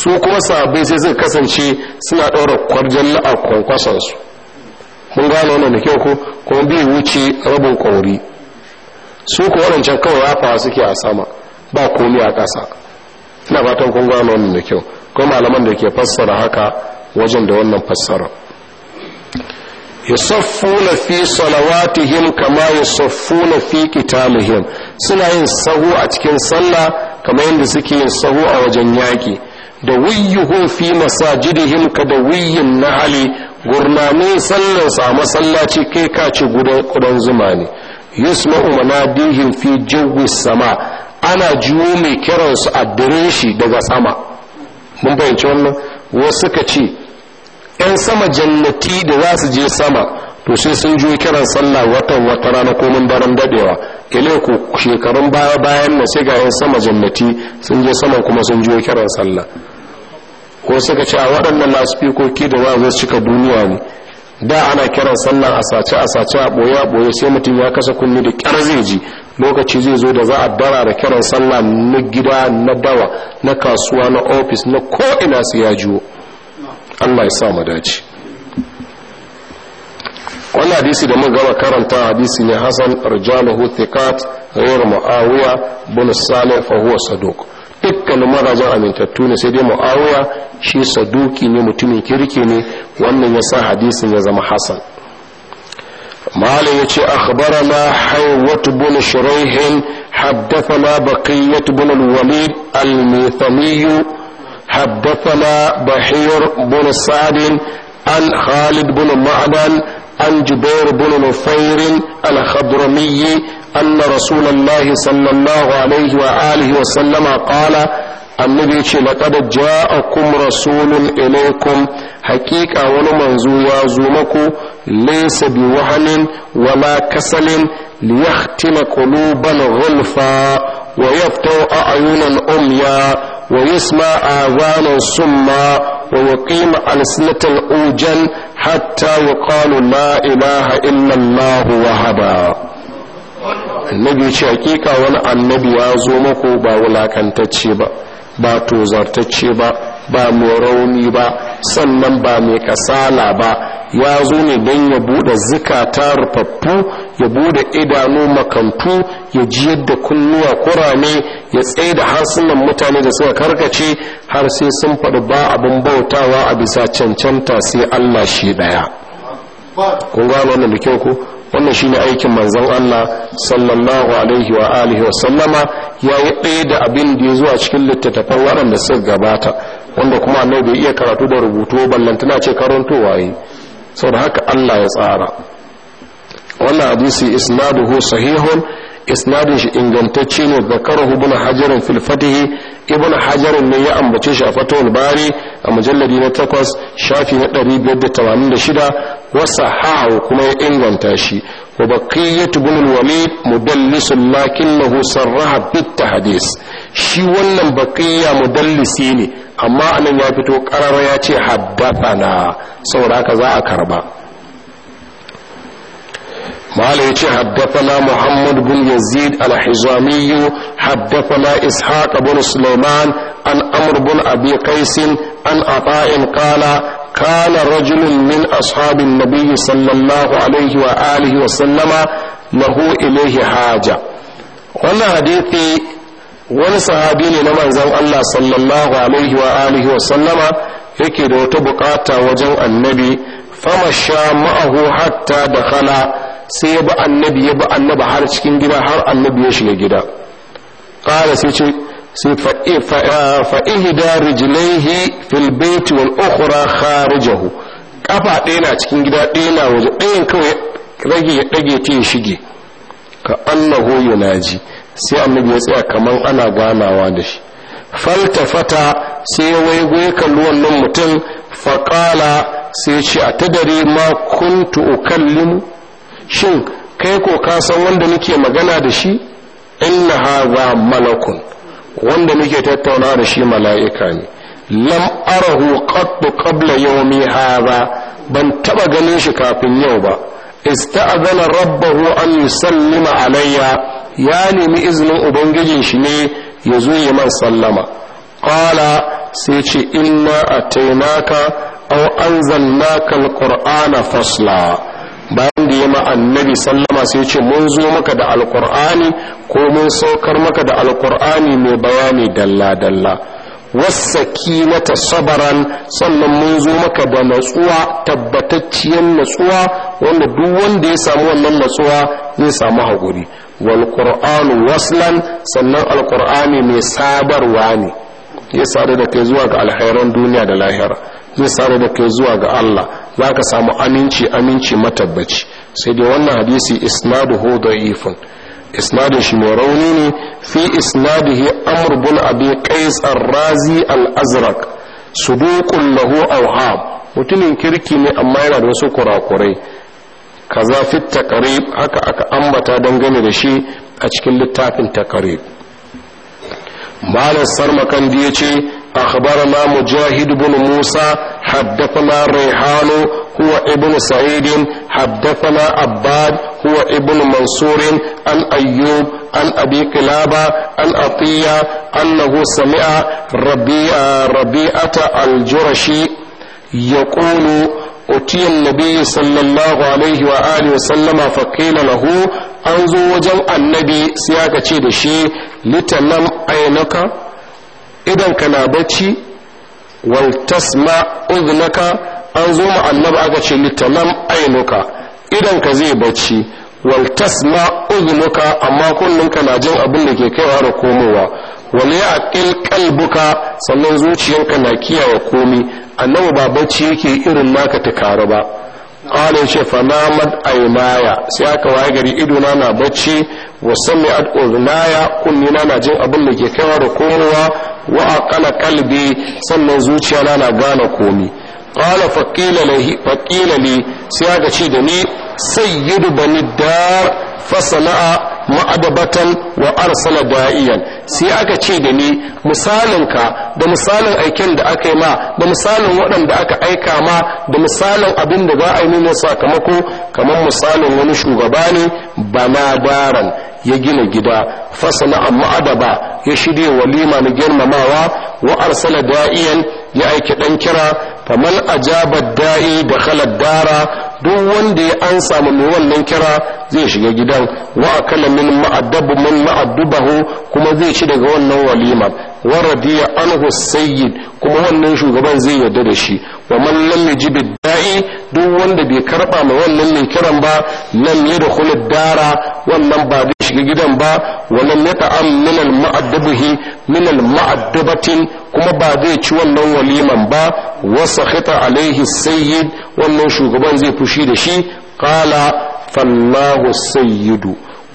su kuma sabai sai suka kasance suna ɗaura kwarjalli a kwankwasonsu mun gane wannan da kyau ko kuma bai wuce rabin ƙwauri su ko waɗancan kawai rafawa suke a sama ba komi a ƙasa ina fatan kun gano wannan da kyau ko malaman da ke fassara haka wajen da wannan fassara yusaffuna fi salawatihim kama yusaffuna fi qitalihim suna yin sahu a cikin sallah kamar yadda suke yin sahu a wajen yaki da wiyuhum fi masajidihim ka da wiyin nahali gurnamin sallar a masallaci kai ka ci gudan zuma ne yusma'u manadihim fi jawi sama ana juwo mai kiransu a dare shi daga sama mun fahimci wannan wasu ka ce yan sama jannati da za su je sama to sai sun juyo kiran sallah watan wata rana komin daren dadewa kele ku shekarun baya bayan na sai ga yan sama jannati sun je sama kuma sun juyo kiran sallah ko suka ce a waɗannan lasfikoki da za su cika duniya ne da ana kiran sallar a sace a sace a boye a boye sai mutum ya kasa kunni da kyar zai ji lokaci zai zo da za a dara da kiran sallah na gida na dawa na kasuwa na ofis na ko'ina su ya jiwo allah ya sa mu dace wani hadisi da mun gama karanta hadisi ne hassan rijaluhu thiqat ghayr muawiya bin salih fa huwa dukkanin mazajen amintattu ne sai dai mu'awiya shi saduki ne mutumin kirki ne wannan ya sa hadisin ya zama hasan malam ya ce akhbarana hawwat bin shuraihin hadafana baqiyat bin walid al-mithali haddathana bahir bin sadin an khalid bin ma'dan عن جبير بن نفير الخضرمي أن رسول الله صلى الله عليه وآله وسلم قال annabi ce laqad ja'akum rasulun ilaykum haqiqa wani manzu ya zo maku laysa bi wahanin wala kasalin liyahtima kuluban ghulfa wa yaftu a'yunan umya ويسمع آذانا صما ويقيم ألسنة الأوجل حتى يقال لا إله إلا الله وهبا annabi ce haƙiƙa wani annabi ya zo mako ba wulakantacce ba ba ba mai rauni ba sannan ba mai kasala ba ya zo ne don ya bude zikata rufaffu ya bude idanu makantu ya ji yadda kunnuwa kurame ya tsaye da harsunan mutane da suka karkace har sai sun faɗi ba abin bautawa a bisa cancanta sai allah shi ɗaya kun gano wannan da kyau ko wannan shi ne aikin manzon Allah sallallahu alaihi wa alihi wa sallama ya yi ɗaya da abin da ya zuwa cikin littattafan waɗanda suka gabata wanda kuma annabi bai iya karatu da rubutu ballantana ce karantowa yi saboda haka Allah ya tsara wannan hadisi isnaduhu sahihun isnadin shi ingantacce ne karahu ibn hajar fil fatih ibn hajar ne ya ambace shi a fatawul bari a mujalladi na 8 shafi na 586 wasa hawo kuma ya inganta shi وبقية بن الوليد مدلس لكنه صرح hadis shi wannan baqiya mudallisi ne amma anan ya fito karara ya ce haddathana saboda za a karba mala ya ce haddathana muhammad bin yazid al-hizami haddathana ishaq bin sulaiman an amr bin abi qais an ata'in qala كان رجل من أصحاب النبي صلى الله عليه وآله وسلم له إليه حاجة وانا حديثي wani sahabi ne na manzon Allah sallallahu alaihi wa alihi wa sallama yake da wata bukata wajen annabi fama sha ma'ahu hatta da kala sai ya bi annabi ya bi annabi har cikin gida har annabi ya shiga gida ƙara sai ce sai fa'ihida eh, eh, rijilaihi fil baiti wal ukhra kharijahu kafa ɗaya na cikin gida ɗaya na waje ɗayan kawai rage ya ɗage ta ya shige ka annahu yunaji sai annabi ya tsaya kamar ana ganawa da shi faltafata sai ya waigo ya wannan mutum faƙala sai ce a tadare ma kuntu ukallimu shin kai ko ka san wanda nake magana da shi inna hadha malakun wanda muke tattauna da shi mala'ika ne lam arahu qattu qabla yawmi hadha ban taba ganin shi kafin yau ba ista'zana rabbahu an yusallima alayya ya nemi izinin ubangijin shi ne ya zo yi man sallama qala sai ce inna atainaka aw anzalnaka alqur'ana fasla ma annabi sallama sai ce mun zo maka da alkur'ani ko mun saukar maka da alkur'ani mai bayani dalla-dalla wasakinata sabaran sannan mun zo maka da natsuwa tabbatacciyar natsuwa wanda duk wanda ya samu wannan natsuwa zai samu haƙuri wal qur'anu waslan sannan alqur'ani mai sabarwa ne ya sadu da kai zuwa ga alhairan duniya da lahira zai sadu da kai zuwa ga Allah za ka samu aminci aminci matabbaci sai dai wannan hadisi isnadu isnaduhu da'ifun isnadin shi mai rauni ne fi isnadihi amr bin abi qais ar-razi al-azraq suduqun lahu awham mutumin kirki ne amma yana da wasu kurakurai kaza fi taqrib haka aka ambata dangane da shi a cikin littafin taqrib malam sarmakan da yace أخبرنا مجاهد بن موسى حدثنا ريحان هو ابن سعيد حدثنا عباد هو ابن منصور عن أيوب عن أبي قلابة عن أطية أنه سمع ربيع ربيعة الجرشي يقول أتي النبي صلى الله عليه وآله وسلم فقيل له أنزو وجم النبي سياكة شيء لتنم عينك idan ka na bacci wal tasma udhnaka an zo ma annabi aka ce litanam ainuka idan ka zai bacci wal tasma udhnuka amma ka na jin abin da ke kaiwa da komowa wal yaqil qalbuka sannan zuciyarka na kiyaye komi annabi ba bacci yake irin naka takara ba qala shi fa namat aymaya sai aka waye gari idona na bacci wa sami'at uznaya kunnina na jin abin da ke kaiwa da komowa wa aqala kalbi sannan zuciya na na gane komi qala faqila lahi faqila li sai aka ce da ni sayyidu bani dar fasana'a ma'adabatan wa arsala da'iyan sai aka ce da ni misalinka da misalin aikin da aka yi ma da misalin waɗanda aka aika ma da misalin abin da za a yi nuna sakamako kamar misalin wani shugaba ne bana ya gina gida fasana amma adaba ya shirya walima na girmamawa wa arsala da'iyan ya aiki dan kira faman ajaba da'i da khalad dara duk wanda ya an samu mai wannan kira zai shiga gidan wa akala min ma'addabu min ma'addubahu kuma zai ci daga wannan walima wa radiya anhu sayyid kuma wannan shugaban zai yarda da shi wa man lam yajib da'i duk wanda bai karba mai wannan mai kiran ba lam yadkhul dara wannan ba shiga gidan ba wannan ya ta'am minal ma'addabihi minal ma'addabatin kuma ba zai ci wannan waliman ba wa sakhita alaihi sayyid wannan shugaban zai fushi da shi qala fallahu sayyid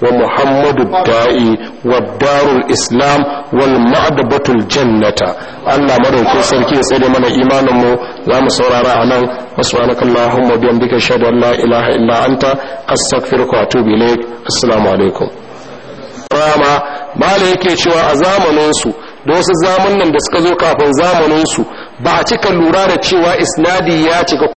wa muhammadu da'i wa darul islam wal ma'addabatul jannata Allah madaukakin sarki ya tsare mana imanin mu zamu saurara anan subhanak allahumma bihamdika ashhadu an la ilaha illa anta astaghfiruka wa atubu ilaik rama mala yake cewa a zamaninsu da wasu zamanin da suka zo kafin zamaninsu ba a cika lura da cewa isnadi ya cika